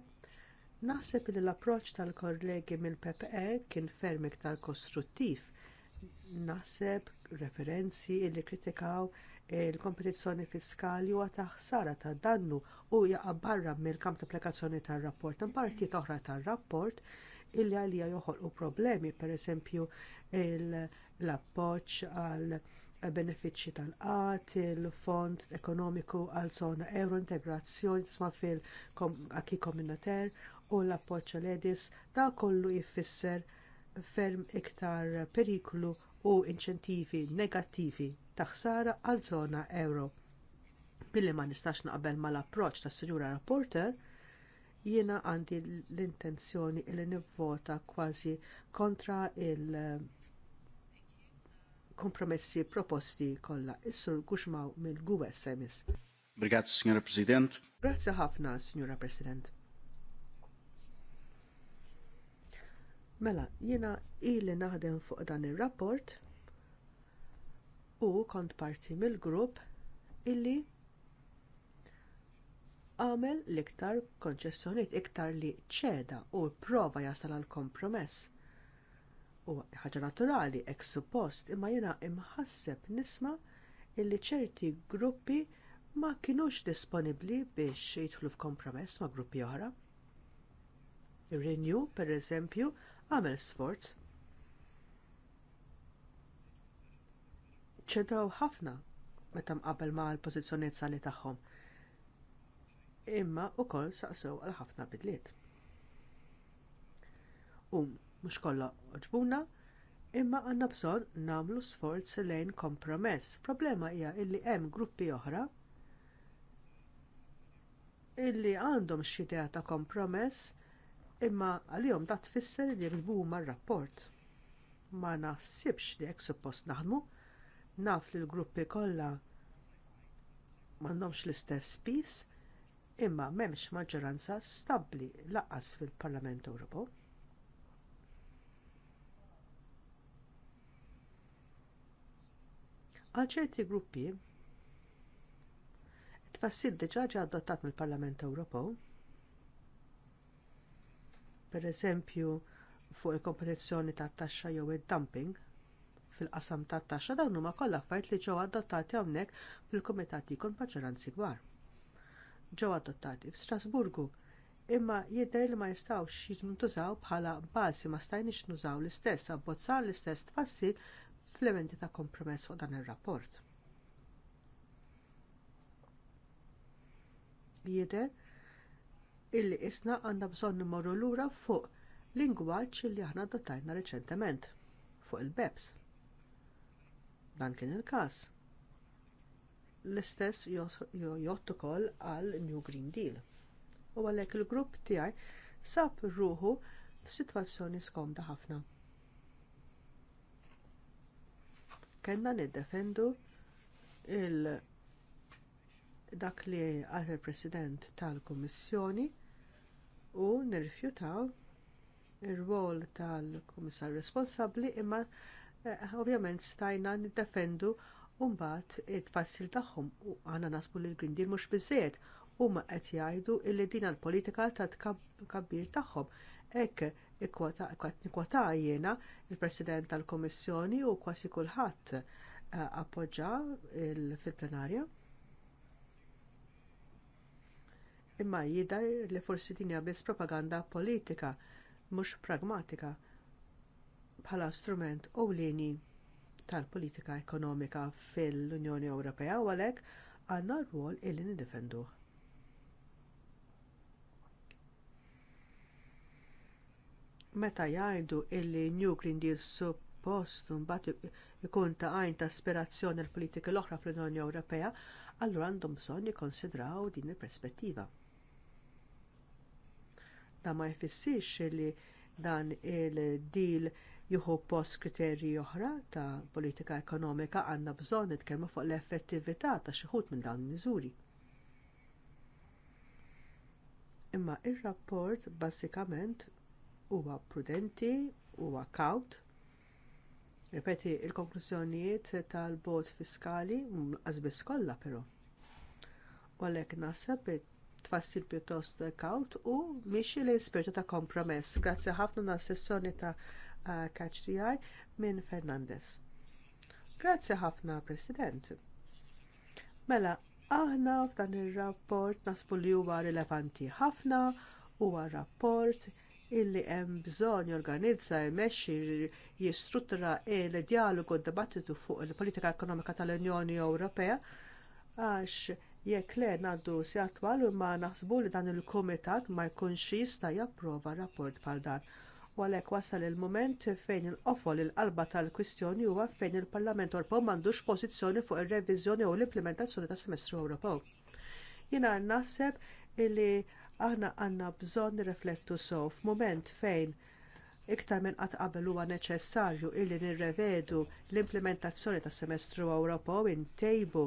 Naħseb li l-approċċ tal-kollegi mill-PPE kien ferm iktar kostruttiv. Naħseb referenzi li kkritikaw il-kompetizzjoni fiskali huwa ta' ħsara ta' dannu u jaqa' barra mill-kamp ta' applikazzjoni tar-rapport. partijiet oħra tar-rapport illi għalija joħolqu problemi, pereżempju l-appoġġ għal benefiċċji tal-qat, il-fond ekonomiku għal zona euro integrazzjoni tisma' fil-akki komunitar u l-appoġġ l-edis, da kollu jfisser ferm iktar periklu u inċentivi negattivi ta' ħsara għal żona euro. Billi ma nistax naqbel mal approċċ tas Sinjura Rapporter, jiena għandi l-intenzjoni li nivvota kważi kontra il- eh, kompromessi proposti kollha is-sur Guxmaw mill-Gwe Semis. Brigat, Signora President. Grazzi ħafna, Signora President. Mela, jiena ili naħdem fuq dan ir rapport u kont parti mill-grupp illi għamel l-iktar konċessjonijiet iktar li ċeda u pprova jasal għal kompromess. U ħaġa naturali, hekk suppost, imma jiena imħasseb nisma illi ċerti gruppi ma kinux disponibbli biex jidħlu f'kompromess ma' gruppi oħra. Ir-Renew, pereżempju, għamel sforz ċedaw ħafna meta mqabel ma' l-pożizzjonijiet sali tagħhom. Imma wkoll saqsew għal ħafna bidliet. U mhux kollha oġbuna, imma għandna bżonn nagħmlu sforz lejn kompromess. Problema hija li hemm gruppi oħra illi għandhom xi idea ta' kompromess imma għalihom da tfisser li huma mar rapport. Ma naħsibx li hekk suppost naħdmu Naf li l-gruppi kollha m'għandhomx l-istess pis, imma m'hemmx maġġoranza stabbli lanqas fil-Parlament Ewropew. Għal ċerti gruppi tfassil diġà ġie adottat mill-Parlament Ewropew. Pereżempju fuq il-kompetizzjoni tat taxxa jew id-dumping fil-qasam tat taxxa dawn huma kollha affarijiet li ġew adottati hawnhekk fil-kumitat ikun maġġoranzi kbar. Ġew adottati f'Strasburgu imma jidher li ma jistgħux jintużaw bħala bażi ma stajniex nużaw l-istess abbozzar l-istess tfassi fl-elementi ta' kompromess fuq dan ir-rapport. Jidher illi isna għandna bżonn immorru lura fuq lingwaġġ li aħna adottajna riċentement fuq il-BEPS dan kien il-każ. L-istess jott ukoll għal New Green Deal. U għalhekk il-grupp tiegħi sab ruħu f'sitwazzjoni skomda ħafna. Kellna niddefendu il- dak li għal il-President tal-Kummissjoni u nirrifjutaw ir-rwol tal-Kummissar responsabbli imma Eh, ovvjament stajna niddefendu u mbagħad it-tfassil tagħhom u aħna nasbu li l-Green mhux biżżejjed huma qed jgħidu li din l-politika ta' tkabbir tagħhom. Hekk nikkwotaha jiena il-President tal-Kummissjoni u kważi kulħadd eh, appoġġa fil-plenarja. Imma jidher li forsi din hija biss propaganda politika mhux pragmatika bħala strument ewlieni tal-politika ekonomika fil-Unjoni Ewropea u għalhekk għandna rwol illi nindifenduh. Meta jgħidu illi New Green Deal suppost mbagħad ikun ta' għajn ta' aspirazzjoni l politika l-oħra fl-Unjoni Ewropea, allura għandhom bżonn jikkonsidraw din il-perspettiva. Da ma jfissirx li dan il-deal juhu post kriterji oħra ta' politika ekonomika għandna bżonn nitkellmu fuq l-effettività ta' xi ħud minn dawn il-miżuri. Imma ir rapport bażikament huwa prudenti, huwa kawt. Ripeti, l konklużjonijiet tal-bot fiskali għazbis kollha però. U għalhekk naħseb tfassil pjuttost kawt u mixi l-ispirtu ta' kompromess. Grazzi ħafna nas sessjoni ta' Uh, catch the Eye minn Fernandez. Grazzi ħafna, President. Mela, aħna f'dan ir rapport nasbu li huwa rilevanti ħafna, huwa rapport illi hemm bżonn jorganizza jmexxi jistruttura l dialogu d dibattitu fuq il-politika ekonomika tal-Unjoni Ewropea għax jekk le ngħaddu si attwal imma naħsbu li dan il kumitat ma jkunx jista' japprova rapport bħal dan. U għalhekk wasal il mument fejn il-qofol il-qalba tal-kwistjoni huwa fejn il-Parlament Ewropew m'għandux pożizzjoni fuq ir-reviżjoni u l-implementazzjoni tas semestru Ewropew. Jiena naħseb li aħna għandna bżonn nirriflettu sew f'mument fejn iktar minn qatt qabel huwa neċessarju illi nirrevedu l-implementazzjoni tas semestru Ewropew intejbu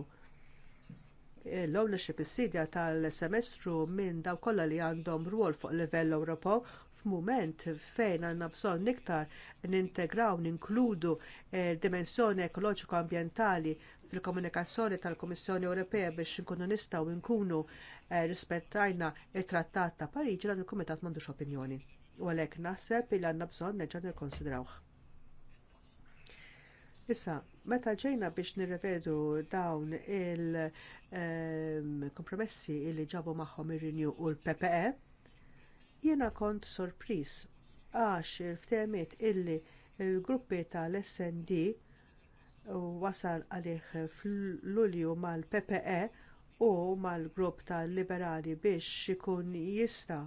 l-ownership is-sidja tal-semestru minn dawk kollha li għandhom rwol fuq livell Ewropew f'mument fejn għandna bżonn iktar nintegraw, ninkludu d eh, dimensjoni ekoloġiku ambjentali fil-komunikazzjoni tal-Kummissjoni Ewropea biex nkunu nistgħu nkunu eh, rispettajna t trattat ta' Pariġi dan il-Kumitat m'għandux opinjoni. U għalhekk naħseb li għandna bżonn nerġa' nikkonsidrawh. Issa, meta ġejna biex nirrevedu dawn il-kompromessi ehm, li ġabu magħhom ir-Renew u l-PPE, Jiena kont sorpris għax il illi l gruppi tal-SND wasal għalih fl-Lulju mal-PPE u mal-grupp tal-Liberali biex ikun jista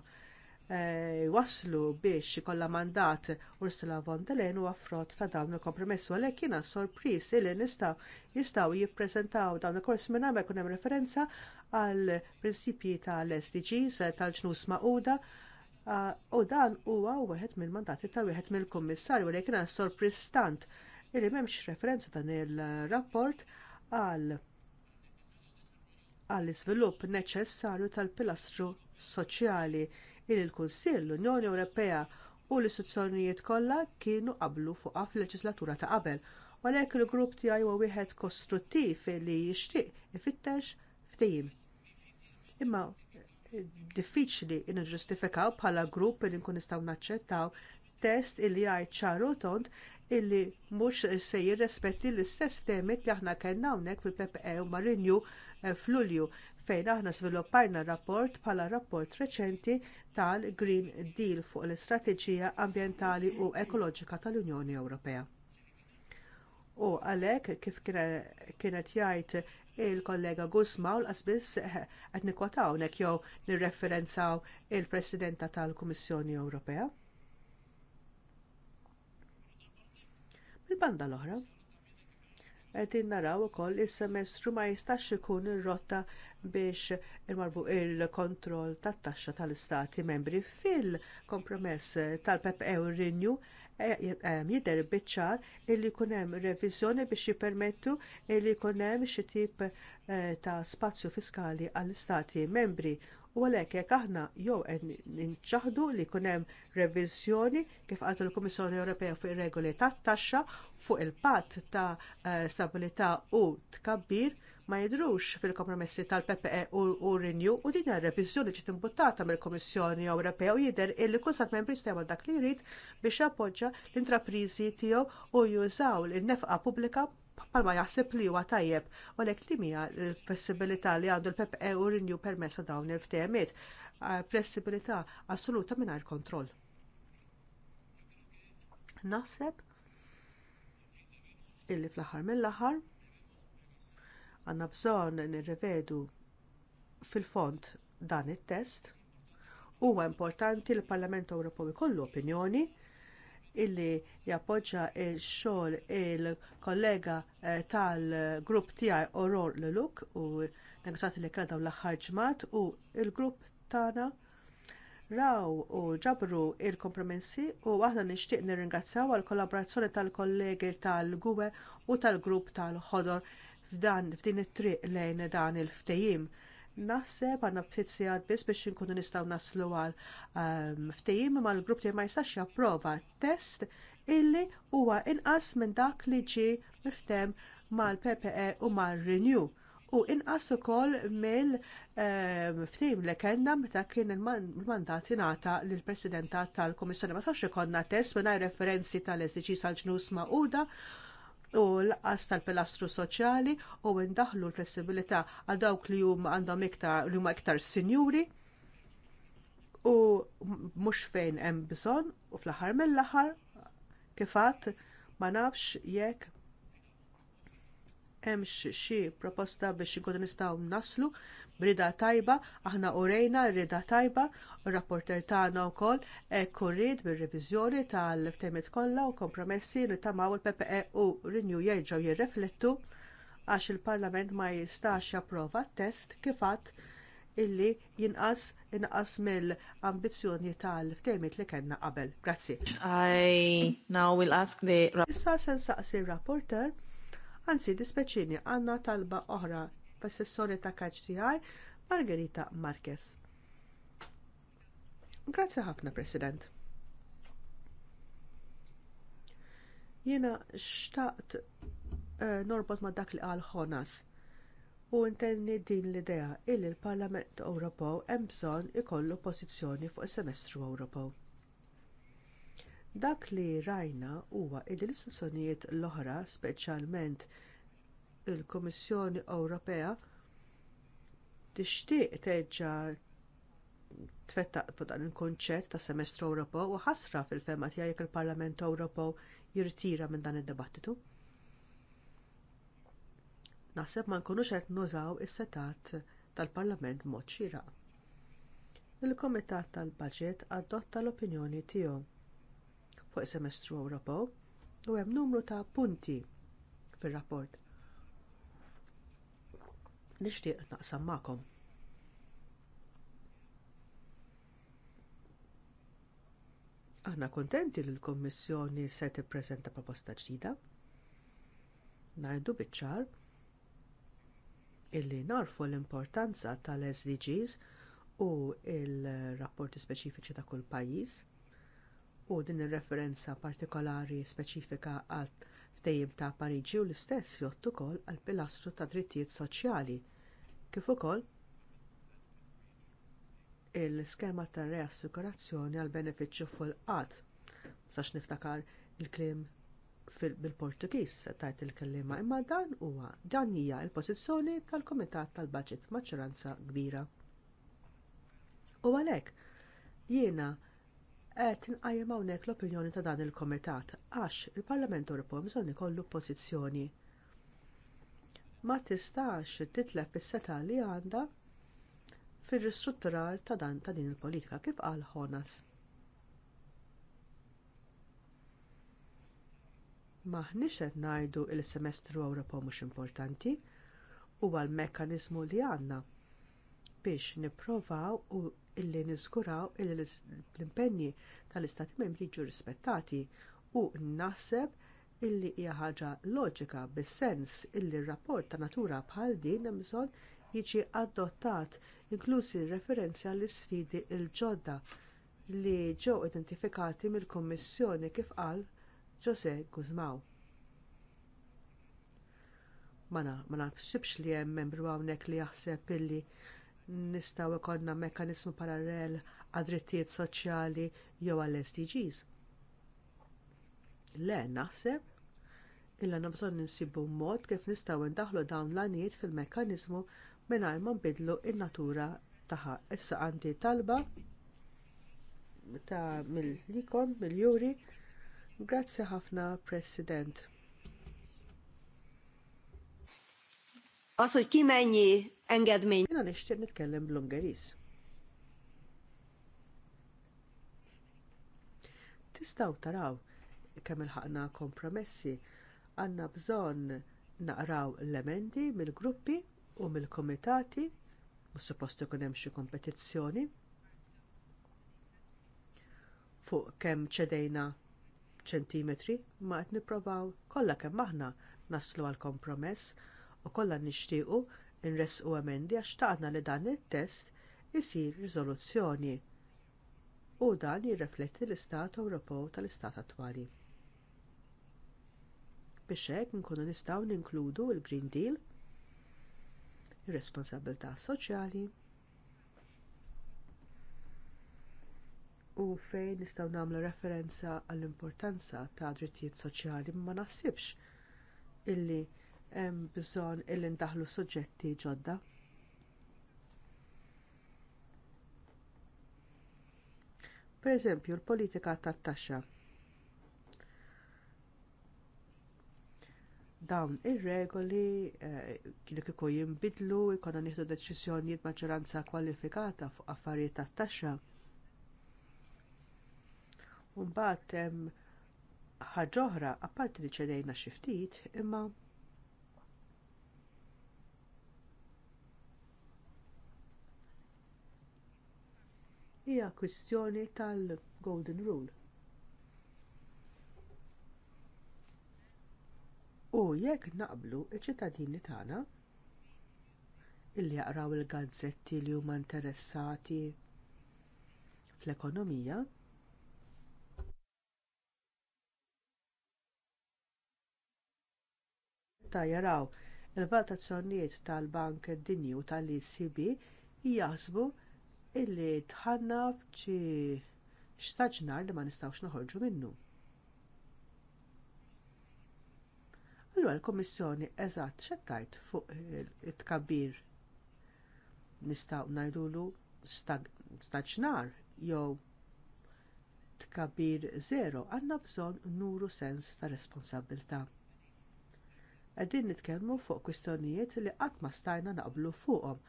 e, waslu biex ikollha mandat Ursula von der Leyen u affrott ta' dawn il-kompromessu għalhekk jiena sorpriż illi nistgħu jistgħu jippreżentaw dawn il-kors minn ma' ikun hemm referenza għall prinċipji tal-SDGs tal-ġnus Magħquda Ah, u dan huwa wieħed mill-mandati ta' wieħed mill-kummissarju li kien sorpriż tant illi m'hemmx referenza dan ir-rapport għal għall iżvilupp neċessarju tal-pilastru soċjali li l-Kunsill, l-Unjoni Ewropea u l-istituzzjonijiet kollha kienu qablu fuqha fil-leġislatura ta' qabel. Għalhekk il-grupp tiegħi huwa wieħed kostruttiv li jixtieq ifittex ftehim. Imma diffiċli in ġustifikaw bħala grupp li nkun nistgħu naċċettaw test illi jgħid ċar tont illi mhux se jirrespetti l-istess temet li aħna kellna hawnhekk fil-PPE u Marinju eh, f'Lulju fejn aħna sviluppajna rapport bħala rapport reċenti tal-Green Deal fuq l-istrateġija ambjentali u ekoloġika tal-Unjoni Ewropea. U għalhekk kif kienet jgħid il-kollega Gusma u l-qasbis eh, qed nikwotaw nek jew nirreferenzaw il-Presidenta tal-Kummissjoni Ewropea. Mil-banda l-oħra, qegħdin naraw ukoll is-semestru ma jistax ikun ir-rotta biex il-marbu il-kontroll tat-taxxa tal-istati membri fil-kompromess tal-PEP Renew E, e, jidher biċ illi jkun hemm reviżjoni biex jippermettu illi jkun hemm xi tip e, ta' spazju fiskali għall-istati membri u għalhekk jekk aħna jew qed niċċaħdu li jkun hemm reviżjoni kif qalet il-Kummissjoni Ewropea fuq ir-regoli tat-taxxa fuq il-patt ta' stabilità u tkabbir ma jidhrux fil-kompromessi tal-PPE u Renew u din ir-reviżjoni ġiet imbuttata mill-Kummissjoni Ewropea u jidher illi kull stat membri jistgħu dak li jrid biex jappoġġja l-intrapriżi tiegħu u jużaw in-nefqa pubblika bħalma jaħseb li huwa tajjeb u lek li mija l-flessibilità li għandu l-PPE u Renew permessa dawn il-ftehmiet. Flessibilità assoluta mingħajr kontroll. Naħseb illi fl-aħħar mill-aħħar Għandna bżonn nirrivedu fil fond dan it-test. Huwa importanti li l-Parlament Ewropew ikollu opinjoni illi jappoġġa x-xogħol il-kollega eh, tal-grupp tiegħi Oror Leluk u negozjati li kellha dawn l-aħħar ġmat u l grupp tagħna raw u ġabru l kompromessi u aħna nixtieq nirringrazzjaw għall kollaborazzjoni tal-kollegi tal-Gwe u tal-grupp tal-Ħodor f'dan f'din it-triq lejn dan il-ftehim. Naħseb għandna ftit sigħat biss biex inkunu nistgħu naslu għal um, ftehim ma l-grupp li ma jistax japprova test illi huwa inqas minn dak li ġie miftem mal-PPE u mal-Renew u inqas ukoll mill-ftim ehm, li kellna meta kien il-mandat ingħata lill-Presidenta tal-Kummissjoni. Ma sax ikollna test mingħajr referenzi tal-SDG sal-ġnus Magħquda u l-qas tal-pilastru soċjali u ndaħlu l-flessibilità għal dawk li huma għandhom iktar li huma iktar sinjuri u mhux fejn hemm bżonn u fl-aħħar mill-aħħar kif ma nafx jekk hemm xi proposta biex ikun nistgħu naslu brida tajba, aħna urejna rida tajba, u rapporter tagħna wkoll e urrid bir-reviżjoni tal ftemet kollha u kompromessi li tamaw il-PPE u Rinju jerġgħu jirreflettu għax il-Parlament ma jistax japprova t test kif għadd illi jinqas inqas mill-ambizzjoni tal ftemet li kellna qabel. Grazzi. I now will ask the Issa se saqsi rapporter Anzi, dispeċini għandna talba oħra F'assessori ta' KHDI Margherita Marquez. Grazzi ħafna, President. Jiena xtaqt uh, norbot ma' dak li qal ħonas u intenni din l-idea illi l-Parlament Ewropew hemm bżonn ikollu pożizzjoni fuq is-semestru Ewropew. Dak li rajna huwa illi l-istituzzjonijiet l-oħra, speċjalment il-Kummissjoni Ewropea tixtieq teġġa tfettaq fuq dan il-konċett ta' semestru Ewropew u ħasra fil-fema tiegħek jekk il-Parlament Ewropew jirtira minn dan id-dibattitu. Naħseb ma nkunux qed nużaw is-setat tal-Parlament mod xieraq. Il-Komitat tal-Baġit adotta l-opinjoni tiegħu fuq semestru Ewropew u hemm numru ta' punti fir-rapport nixtieq naqsam magħkom. Aħna kuntenti li l-Kommissjoni se tippreżenta proposta ġdida. Ngħidu biċ-ċar illi narfu l-importanza tal-SDGs u l rapporti speċifiċi ta' kull pajjiż u din ir-referenza partikolari speċifika għal ftejjim ta' Pariġi u l-istess jgħottu ukoll għall pilastru ta' drittijiet soċjali kif ukoll il-skema ta' reassikurazzjoni għall benefiċċju fulqat. Sax niftakar il kliem bil-Portugiż tajt il-kellima imma dan huwa dan hija l-pożizzjoni tal-Kumitat tal-Baġit maċċoranza kbira. U għalhekk jiena qed nqajjem hawnhekk l-opinjoni ta' dan il-Kumitat għax il-Parlament Ewropew bżonn ikollu pożizzjoni ma tistax titlef is-seta li għandha fir-ristrutturar ta' dan ta' din il-politika kif qal Ħonas. Maħniex qed ngħidu l semestru Ewropew mhux importanti huwa l-mekkaniżmu li għandna biex nipprovaw u illi niżguraw li l-impenji tal-Istati Membri jiġu rispettati u naħseb illi hija ħaġa loġika bis-sens illi r-rapport ta' natura bħal din hemm bżonn jiġi adottat inklużi referenza għall isfidi l-ġodda li ġew identifikati mill-Kummissjoni kif qal Jose Guzmaw. Mana, ma naħsibx li hemm membru hawnhekk li jaħseb illi nistgħu jkollna mekkaniżmu parallel għad-drittijiet soċjali jew għall-SDGs. Le, naħseb illa nabżon ninsibu mod kif nistgħu ndaħlu dawn l-għanijiet fil-mekkaniżmu mingħajr ma nbidlu in-natura tagħha. Issa għandi talba ta' mill-likom, mill-juri. Grazzi ħafna, President. Az, hogy kimenji engedmény. Jena nishtiq nitkellem bl-Ungeris. Tistaw taraw kemm il-ħakna kompromessi għanna bżonn naqraw l-emendi mill-gruppi u mill-komitati u suppost ikun hemm xi kompetizzjoni fuq kemm ċedejna ċentimetri ma qed nipprovaw kollha kemm aħna naslu għal kompromess u kollha nixtiequ nresqu emendi għax taqna li dan it-test isir riżoluzzjoni u dan jirrifletti l-istat Ewropew tal-istat attwali biex hekk nkunu nistgħu ninkludu l green Deal, ir-responsabilità soċjali u fejn nistgħu nagħmlu referenza għall-importanza ta' drittijiet soċjali ma naħsibx illi hemm bżonn illi ndaħlu suġġetti ġodda. Pereżempju l-politika tat-taxxa dawn ir-regoli eh, kienu kieku jinbidlu, jkollna nieħdu deċiżjonijiet maġġoranza kwalifikata fuq affarijiet tat-taxxa. U mbagħad hemm ħaġa oħra, apparti li ċedejna xi ftit, imma hija kwistjoni tal-Golden Rule. U jekk naqblu iċ-ċittadini tagħna illi jaqraw il-gazzetti li huma interessati fl-ekonomija, ta' jaraw il-valutazzjonijiet tal-Bank Dinji u tal-ECB jaħsbu illi tħannaf ċi xtaġnar li ma nistgħux noħorġu minnu. Allura l kummissjoni eżatt xettajt fuq it-tkabbir nistgħu ngħidulu staġnar jew tkabbir zero għandna bżonn nuru sens ta' responsabilità. Qegħdin nitkellmu fuq kwistjonijiet li qatt ma stajna naqblu fuqhom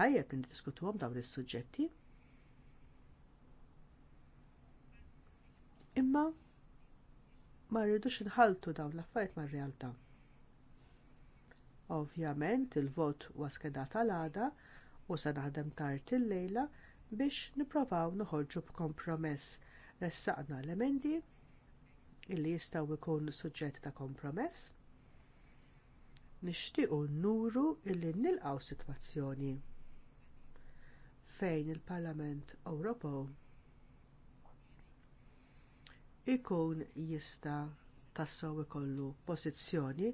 tajjeb li niddiskutuhom dawn is-suġġetti. Imma ma rridux inħaltu dawn l-affarijiet mar-realtà. Ovvjament il-vot huwa skedat għal għada u se naħdem tard il-lejla biex nipprovaw noħorġu b'kompromess. Ressaqna l-emendi illi jistgħu jkunu suġġett ta' kompromess. Nixtiequ nuru illi nilqgħu sitwazzjoni fejn il-Parlament Ewropew ikun jista tassew ikollu pożizzjoni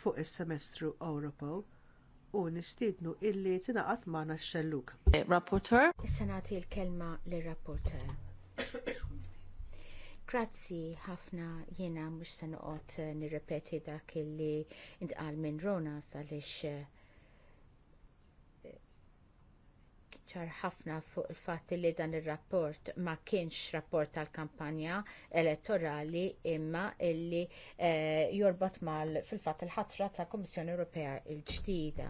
fuq is-semestru Ewropew u nistiednu illi tingħaqad magħna x-xelluk. Rapporteur? Issa nagħti l-kelma lir-rapporteur. Grazzi ħafna jiena mhux se noqgħod nirrepeti dak illi intqal minn Ronas għaliex eh, ċar ħafna fuq il-fatt li dan ir rapport ma kienx rapport tal-kampanja elettorali imma illi eh, jorbot mal fil-fatt il-ħatra tal kummissjoni Ewropea il-ġdida.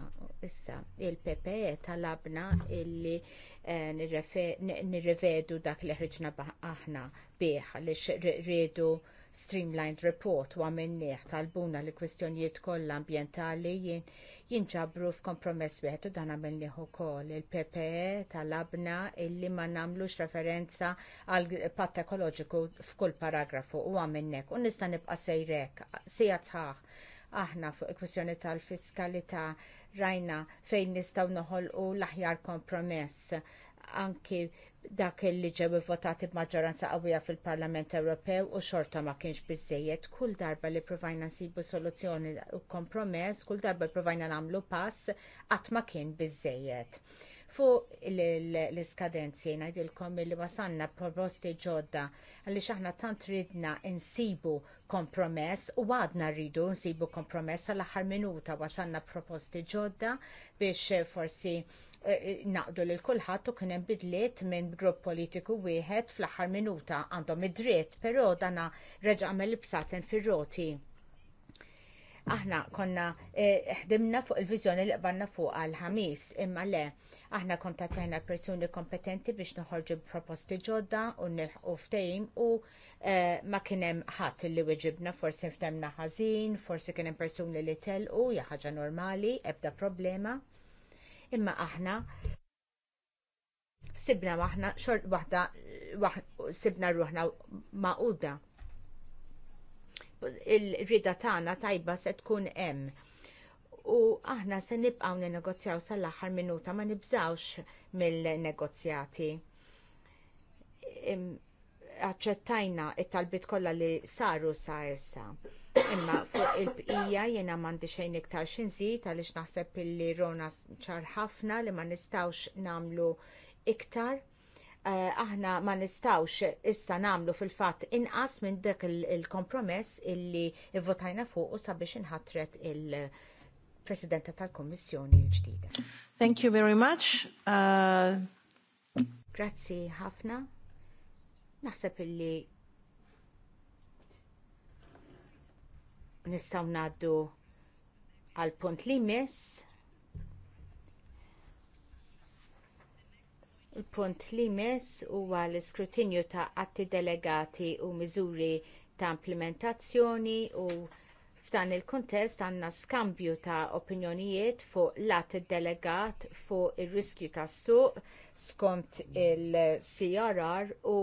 Issa, il-PPE talabna illi eh, nirrevedu dak li ħriġna aħna bih li rridu streamlined report u tal talbuna li kwistjonijiet kollha ambjentali jinġabru f'kompromess wieħed u dan għamennieħ ukoll. Il-PPE tal-abna illi ma nagħmlux referenza għal patt ekoloġiku f'kull paragrafu u għamennek u nista' nibqa' sejrek sija sħaħ aħna fuq il-kwistjoni tal-fiskalità rajna fejn nistgħu noħolqu l-aħjar kompromess anki dak li ġew votati b'maġġoranza qawwija fil-Parlament Ewropew u xorta ma kienx biżżejjed kull darba li provajna nsibu soluzzjoni u kompromess, kull darba provajna nagħmlu pass qatt ma kien biżżejjed fuq l-iskadenzi ngħidilkom li wasanna proposti ġodda għaliex aħna tant ridna insibu kompromess u għadna rridu nsibu kompromess għal aħħar minuta wasanna proposti ġodda biex forsi eh, eh, naqdu lil kulħadd u kienem hemm bidliet minn grupp politiku wieħed fl-aħħar minuta għandhom id-dritt, però dana reġa' għamel ibsaten fir-roti Aħna konna eh, ħdimna fuq il-vizjoni li qbanna fuq għal-ħamis, imma le, aħna kontattajna persuni kompetenti biex nħorġu proposti ġodda u nilħu ftejm u eh, ma kienem ħadd li weġibna forsi ftemna ħażin, forsi kienem persuni li telqu, hija ħaġa normali, ebda problema. Imma aħna sibna waħna xort waħda sibna ruħna maquda il-rida tagħna tajba se tkun hemm. U aħna se nibqgħu ninegozjaw sal-aħħar minuta ma nibżawx mill-negozjati. Aċċettajna t talbit kollha li saru sa issa. Imma fuq il-bqija jiena m'għandi xejn iktar xinżid għaliex naħseb illi rona ċar ħafna li ma nistgħux nagħmlu iktar Eh, aħna ma nistawx issa namlu fil-fatt inqas minn dak il-kompromess illi votajna fuq u sabiex inħatret il-Presidenta tal-Kommissjoni l-ġdida. Thank you very much. Uh... Grazzi ħafna. Naħseb illi nistaw naddu għal punt li miss Il-punt li mess huwa l-iskrutinju ta' atti delegati u miżuri ta' implementazzjoni u f'dan il-kuntest għandna skambju ta' opinjonijiet fuq l-att delegat fuq ir riskju tas suq skont il-CRR u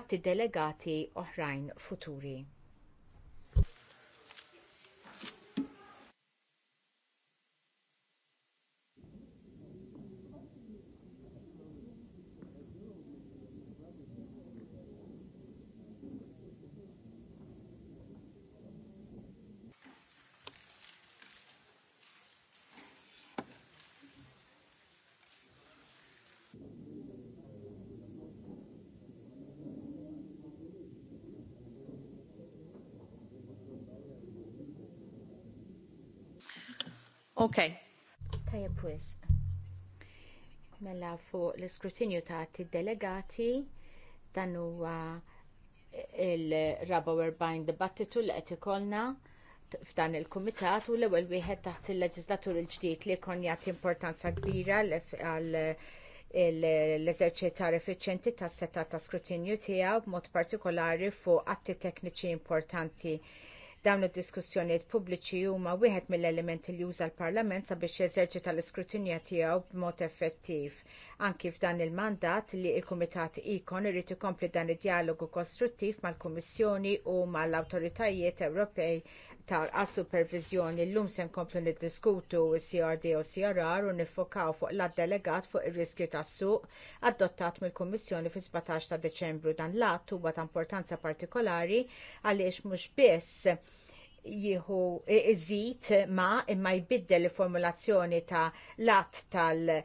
atti delegati oħrajn futuri. Okay. Tajja pwis. Mela fuq l-iskrutinju ta' delegati dan huwa il-44 dibattitu li qed ikollna f'dan il-kumitat u l-ewwel wieħed taħt il-leġislatur il-ġdid li jkun jagħti importanza kbira għal l-eżerċitar effiċjenti tas seta ta' skrutinju tiegħu b'mod partikolari fuq atti tekniċi importanti Dawn id-diskussjonijiet pubbliċi huma wieħed mill-elementi li juża l-Parlament sabiex jeżerċita l-iskrutinja tiegħu b'mod effettiv. Anki f'dan il-mandat li l-Kumitat ikon irid ikompli dan id-dialogu kostruttiv mal-Kummissjoni u mal-Awtoritajiet Ewropej ta' għas supervizjoni llum se nkomplu niddiskutu CRD u CRR u nifokaw fuq l-għad delegat fuq ir riskju tas suq adottat mill kummissjoni fi 17 ta' Deċembru dan l-att huwa ta' importanza partikolari għaliex mhux biss jieħu iżid ma imma jbiddel il-formulazzjoni ta' lat tal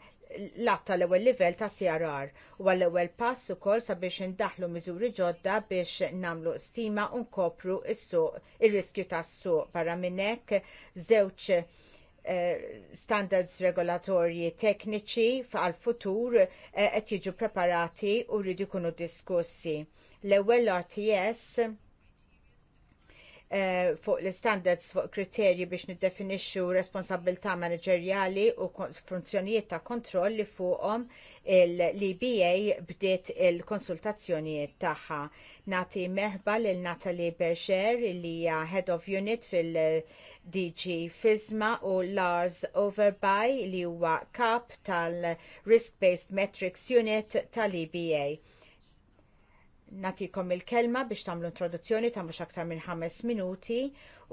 l atta l ewwel livell ta' CRR u għall-ewwel pass ukoll sabiex indaħħlu miżuri ġodda biex nagħmlu stima u nkopru s-suq ir-riskju tas-suq barra minn hekk żewġ eh, standards regolatorji tekniċi għal futur eh, qed jiġu preparati u rridu jkunu diskussi. L-ewwel RTS Eh, fuq l-standards fuq kriterji biex niddefinixxu responsabilità manageriali u funzjonijiet ta' kontroll li fuqhom l-EBA bdiet il-konsultazzjonijiet tagħha. Nati merħba lil Natalie Berger li hija Head of Unit fil-DG Fizma u Lars Overby li huwa kap tal-Risk Based Metrics Unit tal-EBA natikom il-kelma biex tamlu introduzzjoni ta' mhux aktar minn ħames minuti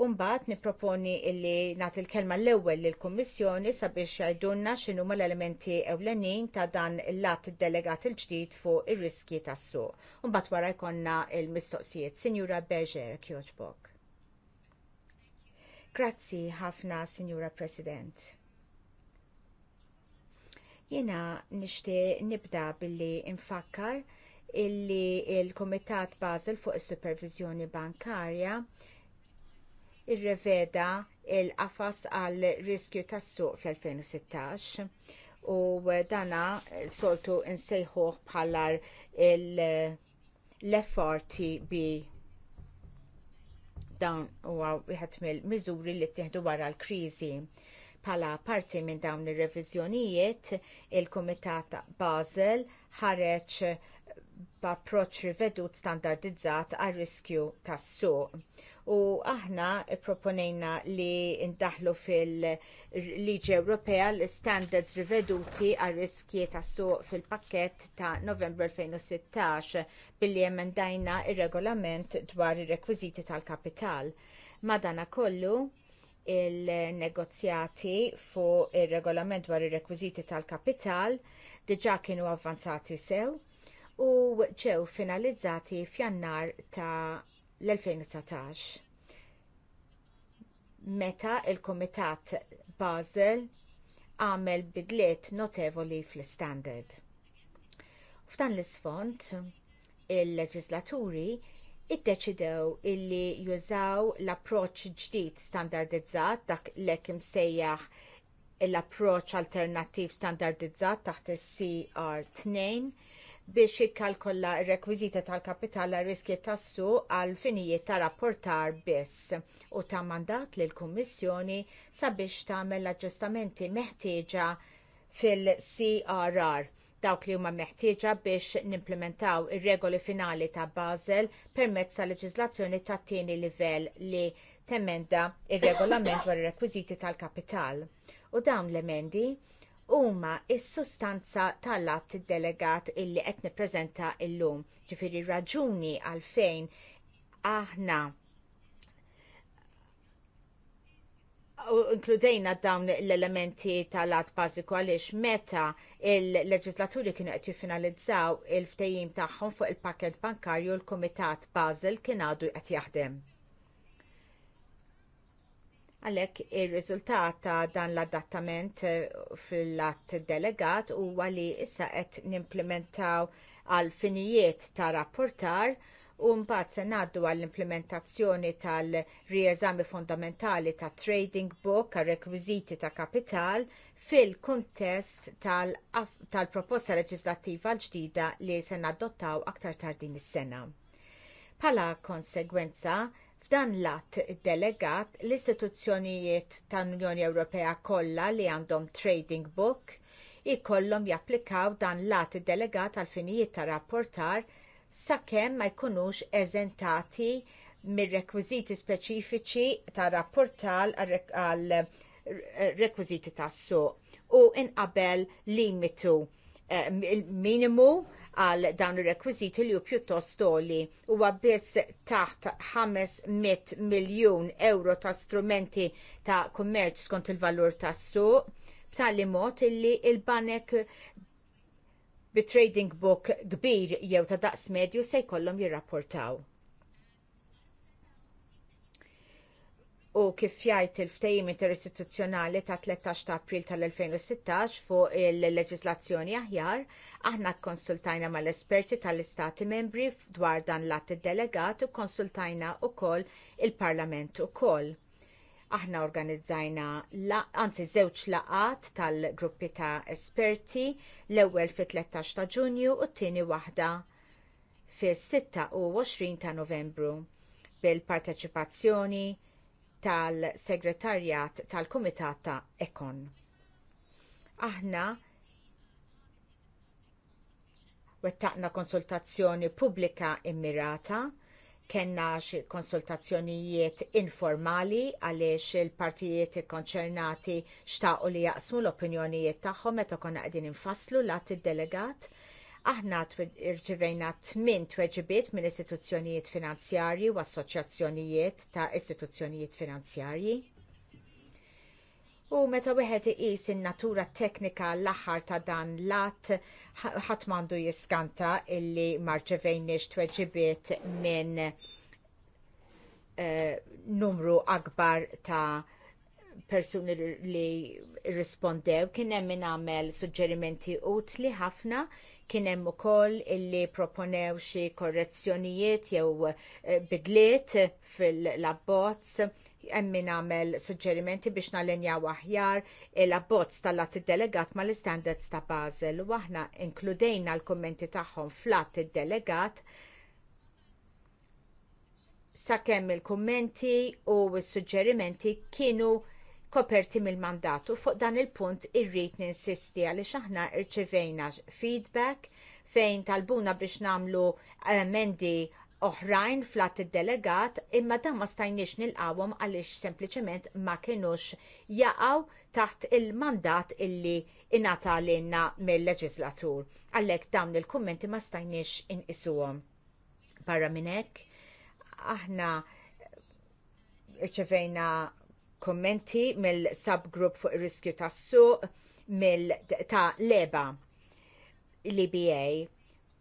u mbagħad nipproponi illi nagħti il-kelma l-ewwel lill-Kummissjoni sabiex jgħidulna x'inhuma l-elementi ewlenin ta' dan il-lat delegat il-ġdid fuq ir-riski tas-suq. U mbagħad wara jkollna l-mistoqsijiet. Sinjura Berger Kjoġbok. Grazzi ħafna, Sinjura President. Jiena nixtieq nibda billi infakkar illi il-Komitat Basel fuq is-Supervizjoni Bankarja irreveda l qafas għal riskju tas-suq fl-2016 u dana soltu nsejħuh bħala l bi dawn huwa wieħed mill-miżuri li ttieħdu wara l-kriżi pala parti minn dawn ir-reviżjonijiet, il-Kumitat Basel ħareġ b'approċċ rivedut standardizzat għar riskju tas-suq. U aħna proponejna li ndaħlu fil-Liġi Ewropea l-standards riveduti għar riskji tas-suq fil-pakket ta' Novembru 2016 billi emendajna ir regolament dwar ir rekwiżiti tal-kapital. Madana kollu, il-negozjati fuq ir il regolament dwar ir rekwiżiti tal-kapital diġà kienu avvanzati sew u ġew finalizzati f'jannar ta' l-2019. Meta il kumitat Basel għamel bidliet notevoli fl-standard. F'dan l isfond il-leġislaturi iddeċidew illi jużaw l-approċ ġdid standardizzat dak lek imsejjaħ l-approċ alternattiv standardizzat taħt il-CR2 biex ikkalkolla r-rekwiżita tal-kapital għal riskji tas-suq għal finijiet ta' rapportar biss u ta' mandat lill kummissjoni sabiex tagħmel l-aġġustamenti meħtieġa fil-CRR dawk li huma meħtieġa biex nimplementaw ir-regoli finali ta' Basel permezz ta' leġiżlazzjoni ta' tieni livell li temenda ir-regolament dwar ir-rekwiżiti tal-kapital. U dawn l-emendi huma s-sustanza tal-att delegat illi qed nippreżenta llum, ġifieri raġuni għalfejn aħna inkludejna dawn l-elementi tal-att bażiku għaliex meta il-leġislaturi kienu qed jiffinalizzaw il-ftejjim tagħhom fuq il-pakket bankarju l-Kumitat Basel kien għadu qed jaħdem. Għalhekk ir-riżultat ta' dan l-adattament eh, fil-att delegat huwa li issa qed nimplementaw għal finijiet ta' rapportar u mbagħad se ngħaddu għall-implementazzjoni tal-rieżami fondamentali ta' trading book għal rekwiżiti ta' kapital fil-kuntest tal-proposta leġislattiva l-ġdida li se nadottaw aktar tard din is-sena. Bħala konsegwenza, F'dan l-att delegat l-istituzzjonijiet tal-Unjoni Ewropea kollha li għandhom trading book ikollhom japplikaw dan l-att delegat għal finijiet ta' rapportar sakemm ma jkunux eżentati mir-rekwiżiti speċifiċi ta' rapportal għal rekwiżiti tas-suq u inqabel limitu eh, minimu għal dawn ir-rekwiżiti li hu pjuttost toli huwa biss taħt 500 miljun euro ta' strumenti ta' kummerċ skont il-valur tas-suq b'tali mod illi il-banek bi trading book kbir jew ta' daqs medju se jkollhom jirrapportaw. U kif jgħid il-ftehim interistituzzjonali ta' 13 ta' April tal-2016 fuq il-leġislazzjoni aħjar, aħna konsultajna mal-esperti tal-istati membri dwar dan l-att delegat u konsultajna wkoll il-Parlament ukoll. Aħna organizzajna, anzi żewġ laqat tal-gruppi ta' esperti, l-ewwel fit-13 ta' Ġunju u t-tieni waħda fis-26 ta' Novembru bil-parteċipazzjoni tal-Segretarjat tal-Kumitat ta' Ekon. Aħna wettaqna konsultazzjoni pubblika immirata Kenna konsultazzjonijiet informali għaliex il-partijiet konċernati xtaqu li jaqsmu l-opinjonijiet tagħhom meta konna qegħdin infasslu lat id-delegat aħna irċivejna tmien tweġibiet mill istituzzjonijiet finanzjarji u assoċjazzjonijiet ta' istituzzjonijiet finanzjarji. U meta wieħed iqis in-natura teknika l-aħħar ta' dan lat ħadd m'għandu jiskanta illi marċevejniex tweġibiet minn uh, numru akbar ta' persuni li rispondew kien hemm min għamel suġġerimenti utli ħafna Kien hemm ukoll illi proponew xi korrezzjonijiet jew eh, bidliet fil-abbozz hemm min għamel suġġerimenti biex nalinjaw aħjar il-abbozz tal-att id-delegat mal istandards ta' Basel u aħna inkludejna l-kummenti tagħhom fl-att id-delegat sakemm il-kummenti u s-suġġerimenti kienu koperti mill-mandatu fuq dan il-punt irrid ninsisti għaliex aħna irċivejna feedback fejn talbuna biex nagħmlu mendi oħrajn flat id-delegat imma dan ma stajniex nilqawhom għaliex sempliċement ma kinux jaqgħu taħt il-mandat illi ingħata lilna mill-leġislatur. Għalhekk dawn il-kummenti ma stajniex inqisuhom. Barra minn hekk aħna irċevejna kommenti mill-subgroup fuq ir-riskju tas-suq mill ta' leba l-IBA e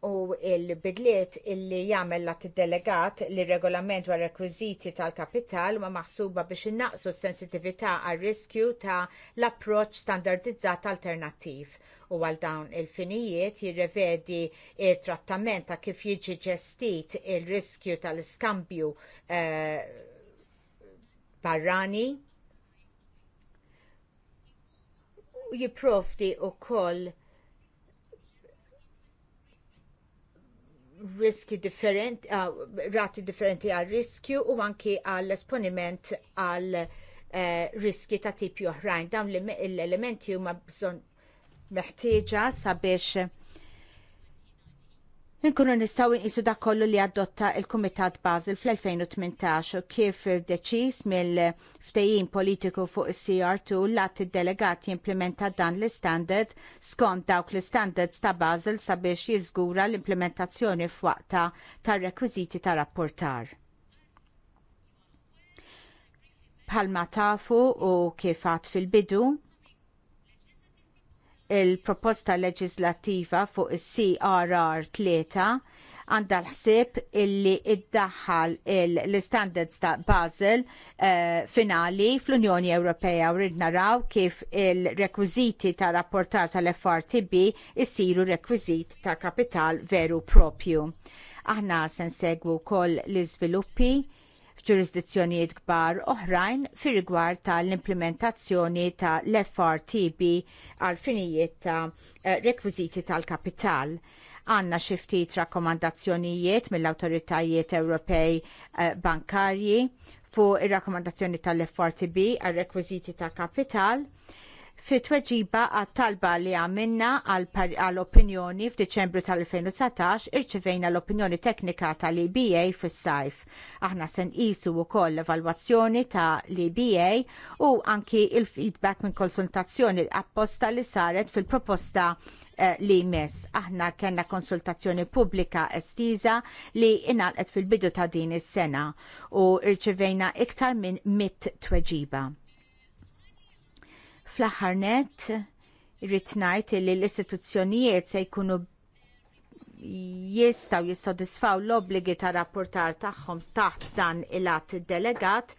u il-bidliet illi jagħmel lat delegat li regolament wa rekwiżiti tal-kapital ma maħsuba biex innaqsu s-sensitività għal riskju ta' l-approċ standardizzat alternattiv u għal dawn il-finijiet jirrevedi il-trattament ta' kif jiġi ġestit il-riskju tal-iskambju eh, barrani jipprovdi wkoll riski differenti, ah, rati differenti għal riskju u anki għall esponiment għal eh, riski ta' tipi oħrajn. Dawn l-elementi huma bżonn meħtieġa sabiex Nkunu nistaw inqisu da kollu li adotta il-Kumitat Basel fl-2018 kif deċis mill ftejin politiku fuq is-CR2 lat id-delegat jimplementa dan l-istandard skont dawk l-istandards ta' Basel sabiex jiżgura l-implementazzjoni f'waqta tar-rekwiżiti ta' rapportar. Palma tafu u kif fil-bidu, il-proposta leġislattiva fuq is-CRR 3 għandha l-ħsieb illi iddaħħal l-standards ta' Basel uh, finali fl-Unjoni Ewropea u rid naraw kif il-rekwiżiti ta' rapportar tal-FRTB isiru rekwiżit ta' kapital veru propju. Aħna se nsegwu wkoll l-iżviluppi f'ġurisdizzjonijiet kbar oħrajn fir rigward tal-implementazzjoni ta' l-FRTB għal finijiet ta' eh, rekwiżiti tal-kapital għanna xiftit rakkomandazzjonijiet mill-autoritajiet Ewropej eh, bankarji fuq ir rakkomandazzjoni tal-FRTB għal rekwiżiti ta' kapital Fi tweġiba għat talba li għamilna għall opinjoni f'Diċembru tal-2019 irċivejna l-opinjoni teknika tal-EBA fis-sajf. Aħna se nqisu wkoll l-evalwazzjoni ta' l-EBA u anki il-feedback minn konsultazzjoni apposta li saret fil-proposta eh, li jmiss. Aħna kellna konsultazzjoni pubblika estiża li inalqet fil-bidu ta' din is-sena u rċevejna iktar minn mit tweġiba. Fl-aħħar net, irrid ngħid li l-istituzzjonijiet se jkunu jistgħu jissodisfaw l obbligi ta' rapportar tagħhom taħt dan il-att delegat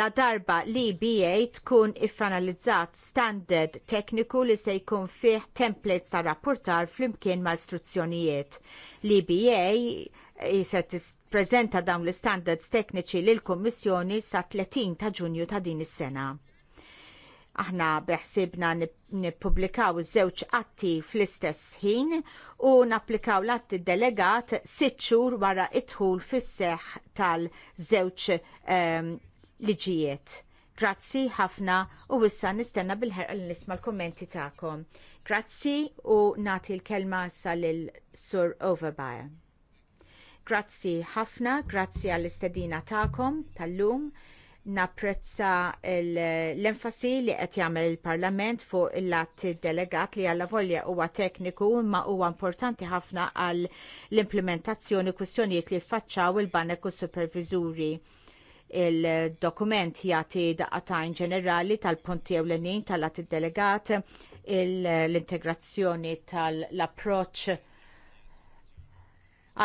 la darba li BA tkun iffanalizzat standard tekniku li se jkun fih templates ta' rapportar flimkien ma' istruzzjonijiet. Li BA eh, se tippreżenta dawn l istandards tekniċi lill kummissjoni sa' 30 ta' Ġunju ta' din is-sena. Aħna beħsibna nippubblikaw żewġ atti fl-istess ħin u napplikaw l-att delegat sitt xhur wara idħul fis-seħħ tal-żewġ ehm, liġijiet. Grazzi ħafna u issa nistenna bil-ħerqa li nisma' l-kummenti tagħkom. Grazzi u nagħti l-kelma sa lil Sur Overbay. Grazzi ħafna, grazzi għall-istedina tagħkom tal-lum napprezza l-enfasi li qed jagħmel il-Parlament fuq il-att delegat li għalla volja huwa tekniku imma huwa importanti ħafna għal l-implementazzjoni kwistjonijiet li faċċaw il-banek u superviżuri il-dokument jagħti daqatajn ġenerali tal-punti ewlenin tal-att delegat l-integrazzjoni tal-approċ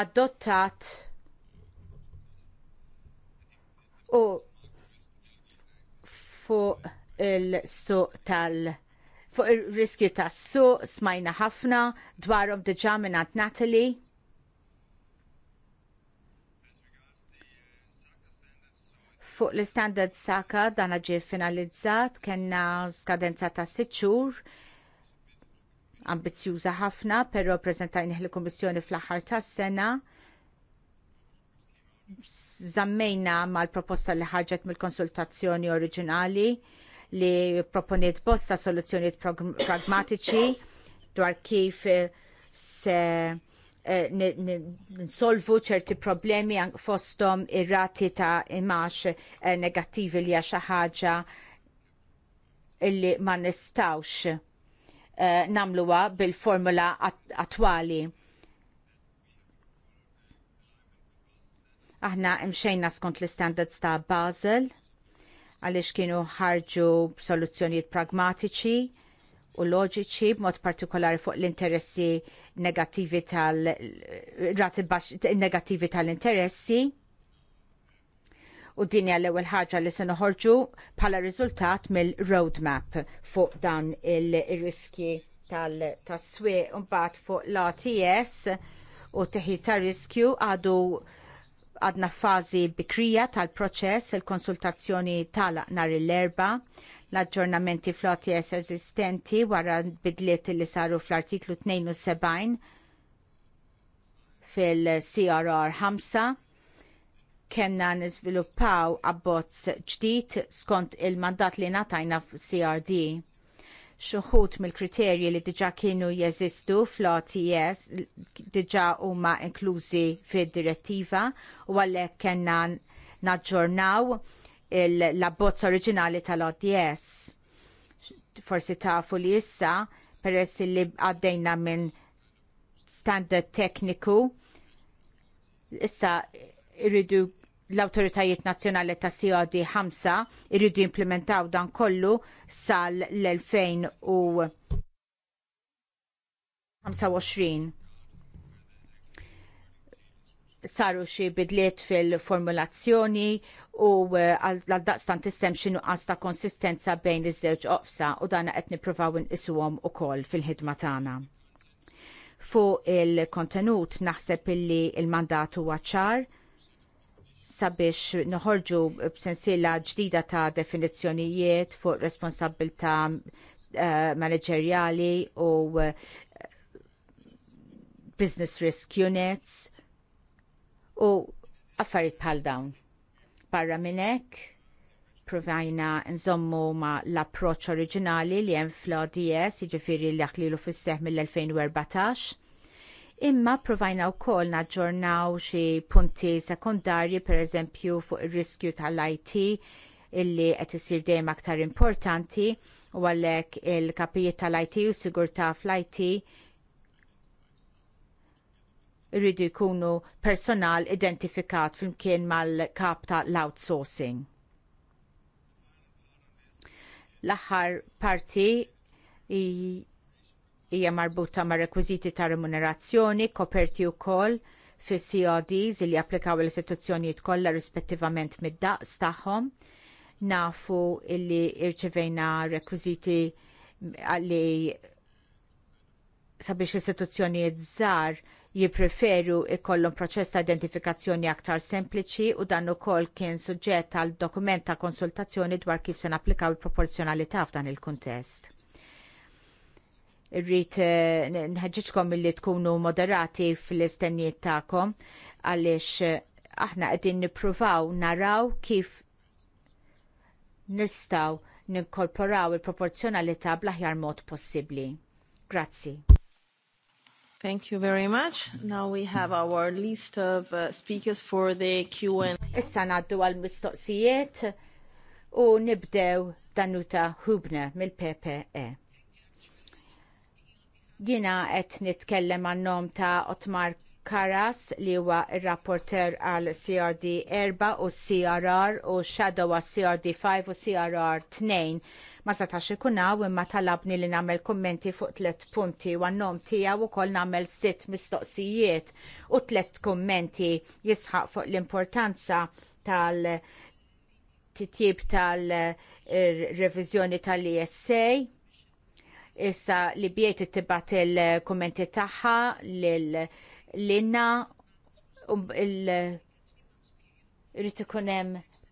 adottat u fuq il-suq tal- fuq il-riskju tas-suq smajna ħafna dwarhom diġà minnat Natalie. Fuq l-standard saka dan ġie finalizzat kellna skadenza ta' sitt xhur ħafna, però preżentajnih l kummissjoni fl-aħħar tas-sena zammejna mal-proposta li ħarġet mill-konsultazzjoni oriġinali li proponiet bosta soluzzjoniet pragmatiċi dwar kif eh, se eh, nsolvu ċerti problemi fostom irrati ta' imax eh, negattivi li għaxa ħaġa illi ma nistawx namluwa bil-formula attwali. Aħna imxejna skont l-standards ta' Basel għaliex kienu ħarġu soluzzjonijiet pragmatiċi u loġiċi b'mod partikolari fuq l-interessi negattivi tal negativi negattivi tal-interessi u din l-ewwel ħaġa li se noħorġu bħala riżultat mill-roadmap fuq dan il-riski tal swieq u mbagħad fuq l-ATS u teħid ta' riskju għadu għadna fażi bikrija tal-proċess il-konsultazzjoni talaq nhar l-erba l-aġġornamenti fl-OTS eżistenti wara bidliet li saru fl-artiklu 72 fil-CRR 5 kemna niżviluppaw abbozz ġdid skont il-mandat li ngħatajna f'CRD xuħut mill-kriterji li diġa kienu jeżistu fl-OTS diġa huma inklużi fid-direttiva u għalhekk kellna naġġornaw l-abbozz oriġinali tal ots Forsi tafu li issa peress li għaddejna minn standard tekniku issa irridu l awtoritajiet Nazzjonali ta' COD 5 irridu implementaw dan kollu sal-2025. Saru xi bidliet fil-formulazzjoni u eh, għal-daqstan tissem xinu ta' konsistenza bejn iż-żewġ oqsa u dan qed nippruvaw u ukoll fil-ħidma tagħna. Fu il-kontenut naħseb illi il-mandat huwa ċar sabiex noħorġu b'sensiela ġdida ta' definizzjonijiet fuq responsabilità uh, eh, manageriali u uh, business risk units u affarijiet bħal dawn. Barra minn hekk, provajna nżommu ma l-approċ oriġinali li hemm fl-ODS, jiġifieri li aħlilu fis seħħ mill-2014 imma provajna wkoll naġġornaw xi punti per pereżempju fuq ir-riskju tal-IT illi qed isir dejjem aktar importanti u għalhekk il-kapijiet tal-IT u sigurtà fl-IT irridu jkunu personal identifikat flimkien mal-kap ta' l-outsourcing. L-aħħar parti hija marbuta ma' rekwiżiti ta' remunerazzjoni koperti wkoll fis CODs li applikaw l-istituzzjonijiet kollha rispettivament mid-daqs tagħhom. Nafu illi irċivejna rekwiżiti li sabiex l-istituzzjonijiet żgħar jippreferu jkollhom proċess ta' identifikazzjoni aktar sempliċi u dan ukoll kien suġġett għal dokument ta' konsultazzjoni dwar kif se napplikaw il-proporzjonalità f'dan il-kuntest. Irrid eh, nħagġiċkom milli tkunu moderati fl-istennijiet tagħkom għaliex eh, aħna qegħdin nippruvaw naraw kif nistgħu ninkorporaw il-proporzjonalità bl-aħjar mod possibbli. Grazzi. Thank you very much. Now we have our list of uh, speakers for the Q&A. Issa naddu għal mistoqsijiet u nibdew Danuta Hubner mill-PPE. Jiena qed nitkellem għan-nom ta' Otmar Karas li huwa r-rapporter għal CRD 4 u CRR u Shadow għal CRD 5 u CRR 2. Ma setax ikun hawn imma talabni li nagħmel kummenti fuq tliet punti u għannom u kol nagħmel sitt mistoqsijiet u tliet kummenti jisħaq fuq l-importanza tal titjib tal-reviżjoni eh, tal-ESA Issa li biet tibat il-kommenti tagħha l-inna il-rrit ikunem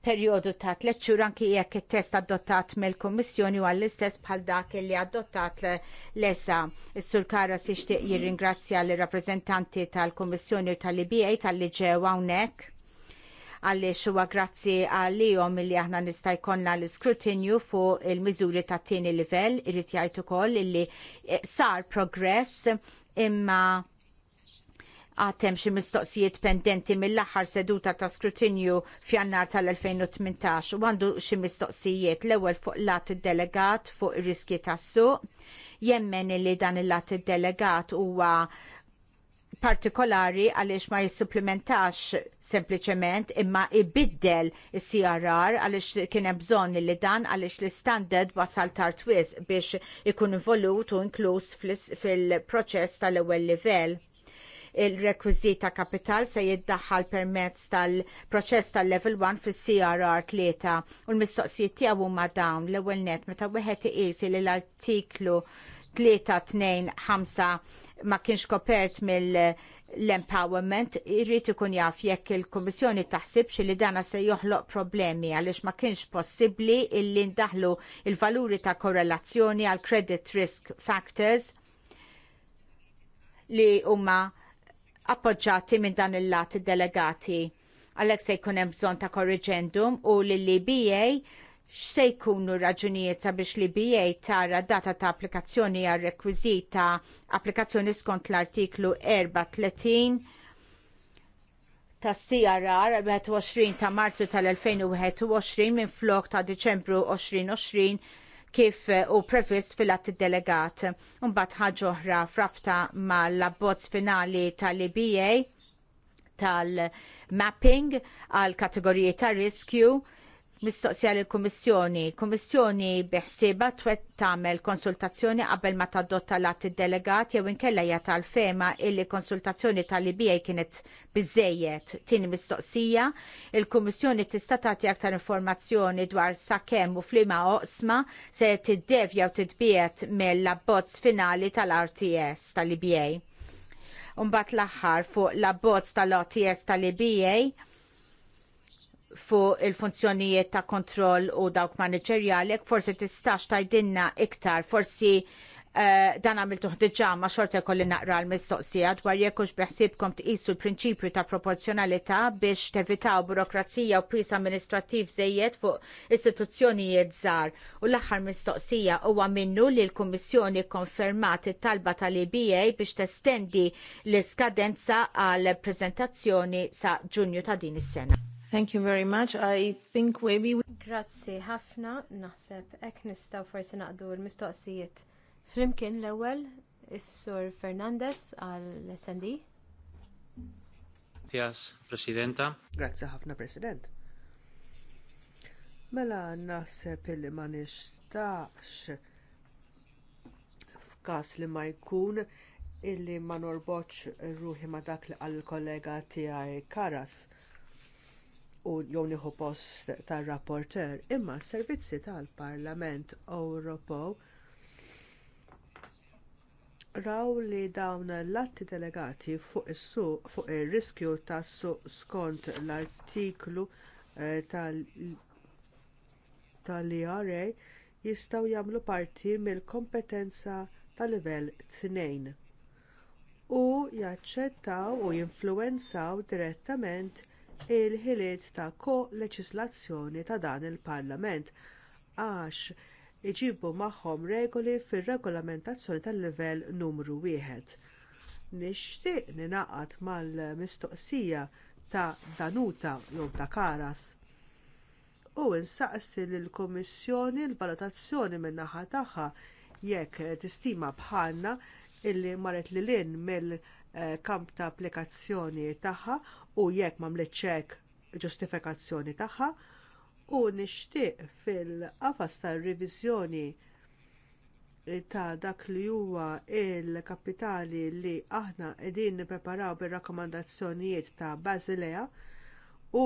periodu ta' tliet xhur anki jekk it-test adottat mill-Kummissjoni u għall-istess bħal dak li adottat l-esa. Is-Sur Karas jixtieq jirringrazzja l rappreżentanti tal-Kummissjoni u tal-IBA tal-li ġew hawnhekk għaliex huwa grazzi għalihom li aħna nista' jkollna l-iskrutinju fuq il-miżuri ta' tieni livell, irid jgħid ukoll illi eh, sar progress imma għatem xi mistoqsijiet pendenti mill-aħħar seduta ta' skrutinju f'jannar tal-2018 u għandu xi mistoqsijiet l-ewwel fuq lat id-delegat fuq ir-riski tas-suq. Jemmen li dan il-lat delegat huwa partikolari għaliex ma jissupplementax sempliċement imma ibiddel il-CRR għaliex kien hemm bżonn li dan għaliex l-standard wasal tard biex ikun involut u inkluż fil-proċess tal-ewwel livell il-rekwizit ta' kapital se jiddaħħal permezz tal-proċess tal-level 1 fis crr 3 u l-mistoqsijiet tiegħu huma dawn l-ewwel net meta wieħed iqisi lill l-artiklu 3-2-5 ma kienx kopert mill l-empowerment irrid ikun jaf jekk il-Kummissjoni taħsibx li dana se joħloq problemi għaliex ma kienx possibbli illi ndaħlu il-valuri ta' korrelazzjoni għal credit risk factors li huma appoġġati minn dan il-lat delegati għalhekk se jkun hemm bżonn ta' korriġendum u li BA x'se jkunu raġunijiet sabiex li BA tara data ta' applikazzjoni għal rekwiżita applikazzjoni skont l-artiklu 34 ta' CRR 21 ta' Marzu tal-2021 minn flok ta' Deċembru 2020 kif eh, u previst fil-att delegat. Mbagħad ħaġa oħra frabta mal-abbozz finali tal-IBA tal-mapping għal kategoriji ta' riskju mistoqsija l kummissjoni Kummissjoni biħsiba twet tagħmel konsultazzjoni qabel ma tadotta lat id-delegat jew inkella hija l fema illi konsultazzjoni tal-IBA kienet biżejjed. tini mistoqsija, il-Kummissjoni tista' tagħti aktar informazzjoni dwar sakemm u flima oqsma se tiddevja u tidbiet mill-abbozz finali tal-RTS tal-IBA. Umbat l-aħħar fuq l-abbozz tal-OTS tal-IBA fuq il-funzjonijiet ta' kontroll u dawk manageriali, forsi tistax tajdinna iktar, forsi uh, dan għamiltu tuħdġa ma' xorta kolli naqra l-mistoqsija dwar jekk hux biħsibkom tqisu l-prinċipju ta' proporzjonalità biex tevitaw burokrazija u pris amministrativ żejjed fuq istituzzjonijiet żgħar. U l-aħħar mistoqsija huwa minnu li l-Kummissjoni konfermat it-talba tal-EBA biex testendi l-iskadenza għal preżentazzjoni sa' Ġunju ta' din is-sena. Thank you very much. I think maybe we... Grazzi ħafna, naħseb ek nistaw forsi naqdu l-mistoqsijiet. Flimkien l-ewwel is-Sur Fernandez għal SND. Grazie, Presidenta. Grazzi ħafna, President. Mela naħseb illi ma nixtaqx f'każ li ma jkun illi ma norboċ ruħi ma dak li għall kollega tiegħi Karas u jew nieħu post tar-rapporter, imma s-servizzi tal-Parlament Ewropew raw li dawn l-atti delegati fuq is-suq fuq ir-riskju tas-suq skont l-artiklu eh, tal-IRA jistgħu jagħmlu parti mill-kompetenza tal-livell tnejn u jaċċettaw u jinfluwenzaw direttament il-ħiliet ta' ko leġiżlazzjoni ta' dan il-Parlament għax iġibu magħhom regoli fir-regolamentazzjoni tal-livell numru wieħed. Nixtieq ninaqat mal-mistoqsija ta' Danuta jew ta' Karas u insaqsi lill kummissjoni l-valutazzjoni min-naħa tagħha jekk tistima bħalna illi marret li lin mill-kamp eh, ta' applikazzjoni tagħha u jekk m'għamlet ċek ġustifikazzjoni tagħha u nixtieq fil-qafas tar-reviżjoni ta' dak li huwa l kapitali li aħna qegħdin nippreparaw bir-rakkomandazzjonijiet ta' Basilea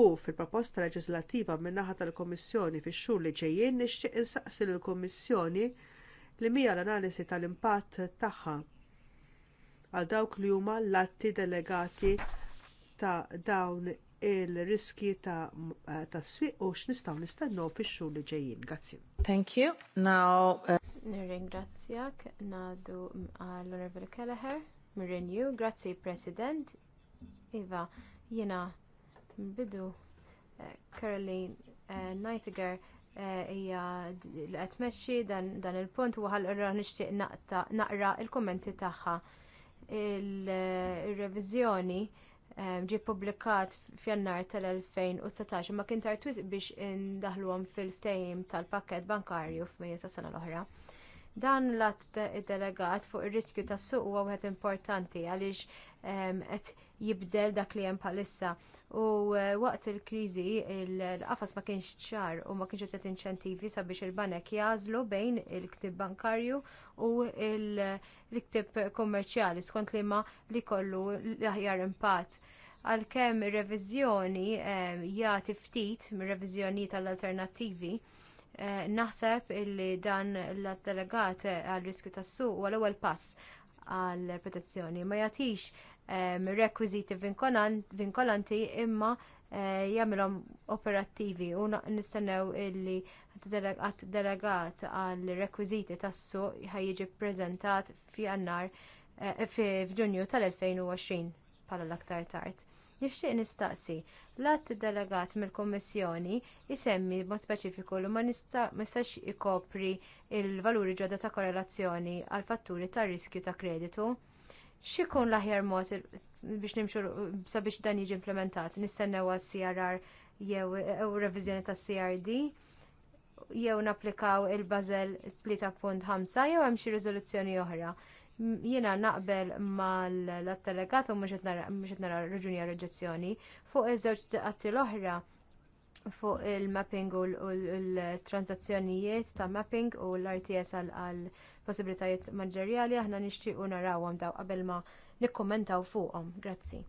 u fil-proposta leġislattiva min-naħa tal-Kummissjoni fix-xhur li ġejjin nixtieq insaqsi lill-Kummissjoni li mija l-analisi tal-impatt tagħha għal dawk li huma l-atti delegati ta' dawn il-riski ta', eh, ta swieq u x'nistgħu nistennew fix-xhur li ġejjin. Grazzi. Thank you. Now uh... nirringrazzjak ngħadu għall-Onorevoli Kelleher mir-Renew. Grazzi President. Iva, jiena bidu eh, Caroline uh, Nightiger hija li qed tmexxi dan il-punt u ħallura nixtieq naqra l kummenti tagħha il-reviżjoni il reviżjoni Eh, ġie ppubblikat f'jannar tal 2017 ma kien tartwiz biex indaħluhom fil-ftehim tal-pakket bankarju f'Mejju sa sena l-oħra. Dan l-att delegat fuq ir-riskju tas-suq huwa wieħed importanti għaliex eh, qed jibdel dak li hemm bħalissa u eh, waqt il-kriżi l-qafas ma kienx ċar u ma kienx qed inċentivi sabiex il-banek jażlu bejn il-ktib bankarju u l-ktib kummerċjali skont li ma li kollu l-aħjar impatt għalkemm ir-reviżjoni eh, jagħti ftit mir-reviżjoni tal-alternattivi eh, naħseb li dan l-delegat għal riskju tas-suq huwa l-ewwel pass għall protezzjoni ma jagħtix rekwiżiti vinkolanti imma eh, jagħmilhom operattivi u nistennew illi għat delegat għal rekwiżiti tas-suq ħajjiġi ppreżentat f'jannar eh, f'Ġunju tal-2020 bħala l-aktar tard. Nixtieq nistaqsi, l-att delegat mill kummissjoni isemmi mod speċifiku li ma nistax ikopri l valuri ġodda ta' korrelazzjoni għal fatturi tar riskju ta' kreditu xikun l-aħjar mod biex nimxu sabiex dan jiġi implementat, nistennew għas-CRR jew revizjoni tas CRD, jew napplikaw il-Bazel 3.5 jew hemm xi riżoluzzjoni oħra. Jiena naqbel mal-attelegat u mhux qed nara raġuni għal reġezzjoni fuq iż-żewġ atti l-oħra fuq il-mapping u l-transazzjonijiet ta' mapping u l-RTS għal possibilitajiet manġerjali aħna nixtiequ narawhom daw qabel ma nikkommentaw fuqhom. Grazzi.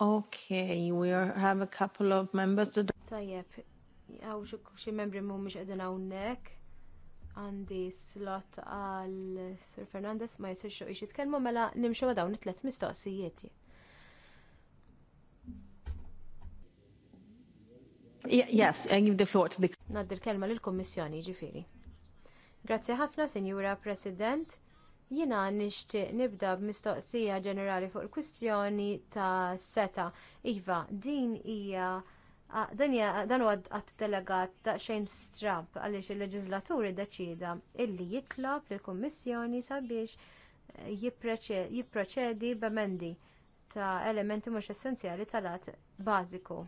Okay, we are, have a couple of members. Tajjeb, għaw xi membri mhumiex qegħdin hawnhekk. Għandi slot għal Sir Fernandez ma jisirxu ix jitkellmu mela nimxu dawn it-tlet mistoqsijiet. Yes, I give the floor to the... Naddi l-kelma lill-Kummissjoni, ġifiri. Grazzi ħafna, Sinjura President. Jiena nixtieq nibda b'mistoqsija ġenerali fuq il-kwistjoni ta' seta. Iva, din hija dan huwa għat delegat xejn strab għaliex il-leġislaturi daċida illi jitlob lill kummissjoni sabiex eh, jipproċedi b'emendi ta' elementi mhux essenzjali tal-att bażiku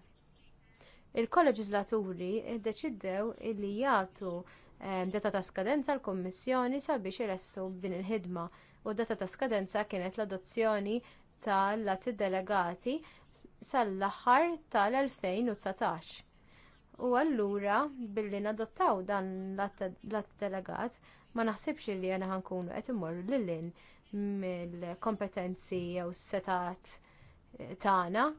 Il-kolleġislaturi ddeċidew illi jagħtu ehm, data ta' skadenza l kummissjoni sabiex iressu b'din il-ħidma u data ta' skadenza kienet l-adozzjoni tal-lati delegati sal-aħħar tal-2019. U allura billi nadottaw dan l-att delegat ma naħsibx li jena nkunu qed immorru lil mill-kompetenzi jew setat eh, tagħna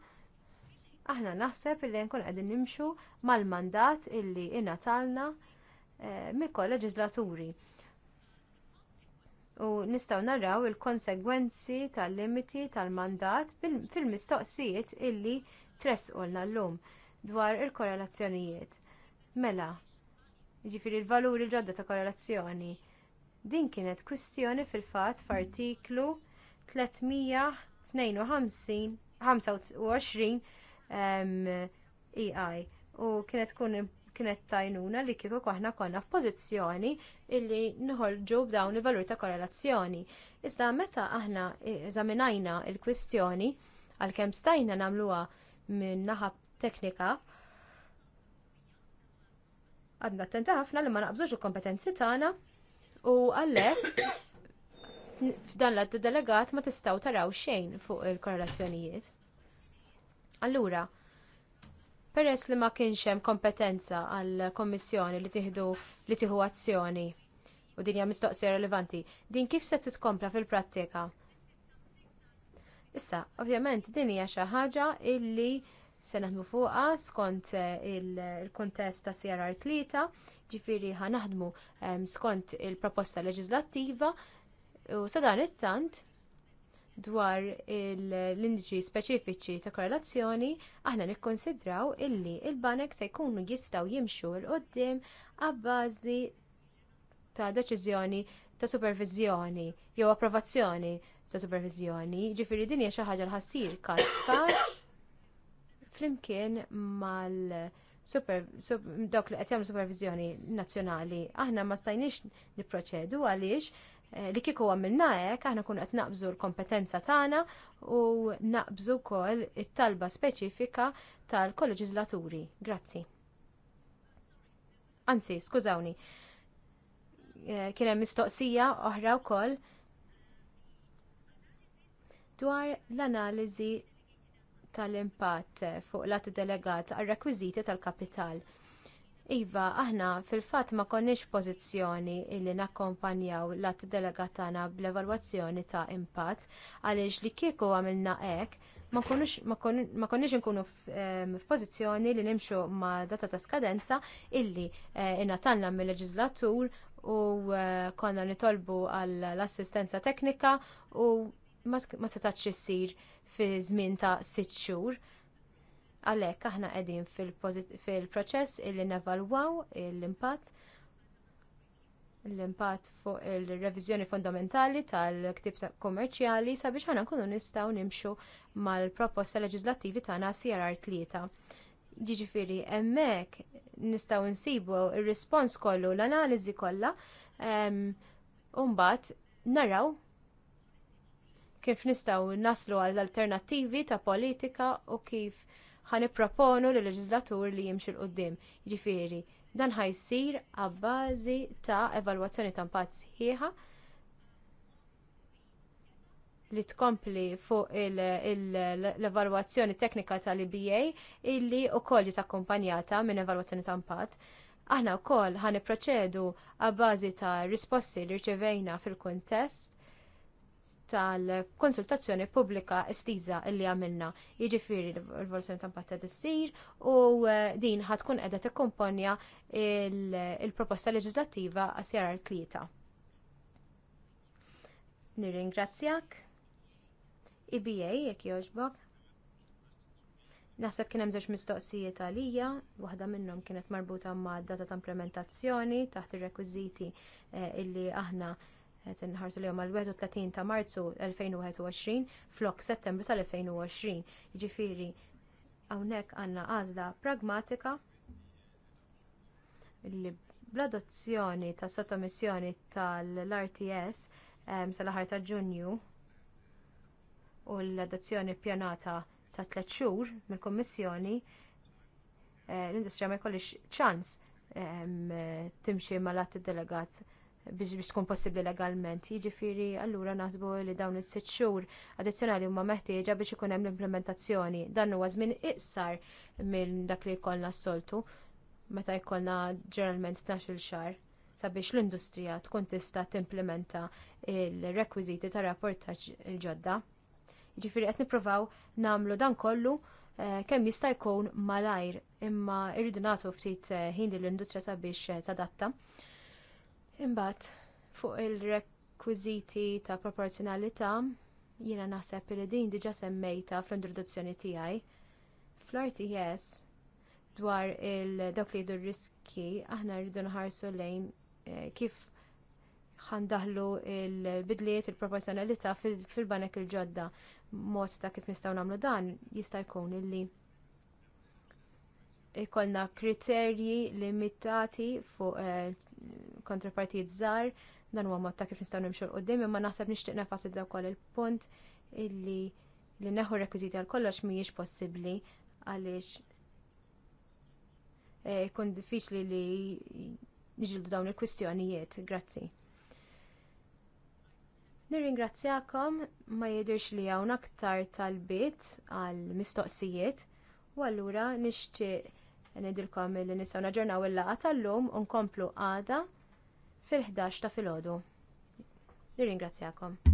Aħna naħseb illi nkun qegħdin nimxu mal-mandat illi ingħatalna eh, mill-kolleġislaturi. U nistgħu naraw il-konsegwenzi tal-limiti tal-mandat fil-mistoqsijiet illi tresqolna llum dwar il-korrelazzjonijiet. Mela, jiġifieri l-valuri ġodda ta' korrelazzjoni. Din kienet kwistjoni fil-fatt f'artiklu 352 EI u kienet kun kienet tajnuna li kieku kwaħna konna f'pożizzjoni illi nħolġu b'dawn il-valur ta' korrelazzjoni. Iżda meta aħna e- eżaminajna l kwistjoni għalkemm stajna nagħmluha minn naħa teknika, għadna t ħafna li ma naqbżux il-kompetenzi tagħna u għalhekk [coughs] f'dan l-delegat ma tistgħu taraw xejn fuq il-korrelazzjonijiet. Allura, peress li ma kienx hemm kompetenza għall kommissjoni li tieħdu li tieħu azzjoni u din hija mistoqsija relevanti, din kif se titkompla fil-prattika? Issa, ovvjament din hija xi ħaġa illi se naħdmu fuqha skont eh, il kuntest ta' CRR tlieta, ġifieri ħa naħdmu ehm, skont il-proposta leġislattiva u sa dan it-tant dwar l-indiċi speċifiċi ta' korrelazzjoni, aħna nikkonsidraw illi l banek se jkunu jistgħu jimxu l qoddim għabbażi ta' deċiżjoni ta' superviżjoni jew approvazzjoni ta' superviżjoni, ġifieri din hija xi ħaġa l-ħassir każ każ flimkien mal super, dawk li qed jagħmlu supervizjoni nazzjonali. Aħna ma stajniex nipproċedu għaliex Eh, li kiku għamilna hekk aħna kun qed naqbżu l-kompetenza tagħna u naqbżu wkoll it-talba speċifika tal-kolleġislaturi. Grazzi. Anzi, skużawni. Eh, kien hemm mistoqsija oħra wkoll dwar l-analiżi tal-impatt fuq lat delegat għal rekwiżiti tal-kapital. tal kapital Iva, aħna fil-fatt ma konniex pożizzjoni illi nakkompanjaw l-att delegatana bl-evalwazzjoni ta' impatt għaliex li kieku għamilna hekk ma konniex nkunu f'pożizzjoni li nimxu ma' data ta' skadenza illi eh, inatanna mill-leġislatur u eh, konna nitolbu għall-assistenza teknika u ma setax issir fi żmien ta' sitt xhur Għalhekk aħna qegħdin fil-proċess fil illi nevalwaw l-impatt l-impatt fuq il-reviżjoni fondamentali tal-ktib kummerċjali sabiex ħana nkunu nistgħu nimxu mal-proposta leġislattivi tagħna CRR tlieta. Jiġifieri hemmhekk nistgħu nsibu r rispons kollu l-analiżi kollha u mbagħad naraw kif nistgħu naslu għall alternattivi ta' politika u kif ħan proponu l leġislatur li jimxi l qoddim Ġifiri, dan ħajsir għabbażi ta' evalwazzjoni ta' impatt sħiħa li tkompli fuq l-evalwazzjoni teknika tal-IBA illi wkoll ġiet akkumpanjata minn evalwazzjoni ta' impatt. Aħna wkoll ħani proċedu għabbażi ta' risposti li rċevejna fil-kuntest tal-konsultazzjoni pubblika estiza illi għamilna. Jiġifieri l-evoluzzjoni ta' patta d issir u eh, din ħatkun qiegħda tikkumponja il-proposta leġislattiva għas jarar tlieta. Nirringrazzjak. IBA jekk jogħġbok. Naħseb kien hemm żewġ mistoqsijiet għalija, waħda minnhom kienet marbuta ma' data ta' implementazzjoni taħt ir-rekwiżiti eh, illi aħna qed inħarsu li għal 31 ta' Marzu 2021 flok Settembru tal-2020. Jiġifieri hawnhekk għandna għażla pragmatika li bl-adozzjoni ta' sottomissjoni tal-RTS ehm, sal-aħar ta' Ġunju u l-adozzjoni ppjanata ta' tliet xhur mill-Kummissjoni eh, l-industrija ma jkollix ċans ehm, timxi mal-att delegat biex biex tkun possibbli legalment. Jiġifieri allura naħsbu li dawn is-sitt xhur addizzjonali huma meħtieġa biex ikun hemm l-implementazzjoni. Dan huwa żmien iqsar minn dak li jkollna s-soltu meta jkollna ġeneralment 12-il xahar sabiex l-industrija tkun tista' timplementa l rekwiżiti ta' rapport il-ġodda. Jiġifieri qed nippruvaw nagħmlu dan kollu eh, kemm jista' jkun malajr imma irridu nagħtu ftit eh, ħin lill-industrija sabiex eh, tadatta. Imbagħad fuq il-rekwiżiti ta' proporzjonalità jiena naħseb li din diġà semmejta fl-introduzzjoni tiegħi. Fl-RTS e dwar il-dawk li jdu riski aħna rridu nħarsu lejn eh, kif ħandaħlu il-bidliet il-proporzjonalità fil-banek il-ġodda. Mod ta' kif nistgħu nagħmlu dan jista' jkun illi ikollna kriterji limitati fuq eh, kontrapartijiet żgħar dan huwa mod ta' kif nistgħu nimxu l-qudiem imma naħseb nixtieq nefasizza ukoll il-punt illi li neħu rekwiżiti għal kollox mhijiex possibbli għaliex jkun eh, diffiċli li niġildu dawn il-kwistjonijiet. Grazzi. Nirringrazzjakom ma jidirx li hawn aktar tal-bit għal mistoqsijiet u allura nixtieq nidilkom li nistgħu naġġornaw il-laqgħa tal-lum u nkomplu għada fil-11 ta' filgħodu. Nirringrazzjakom.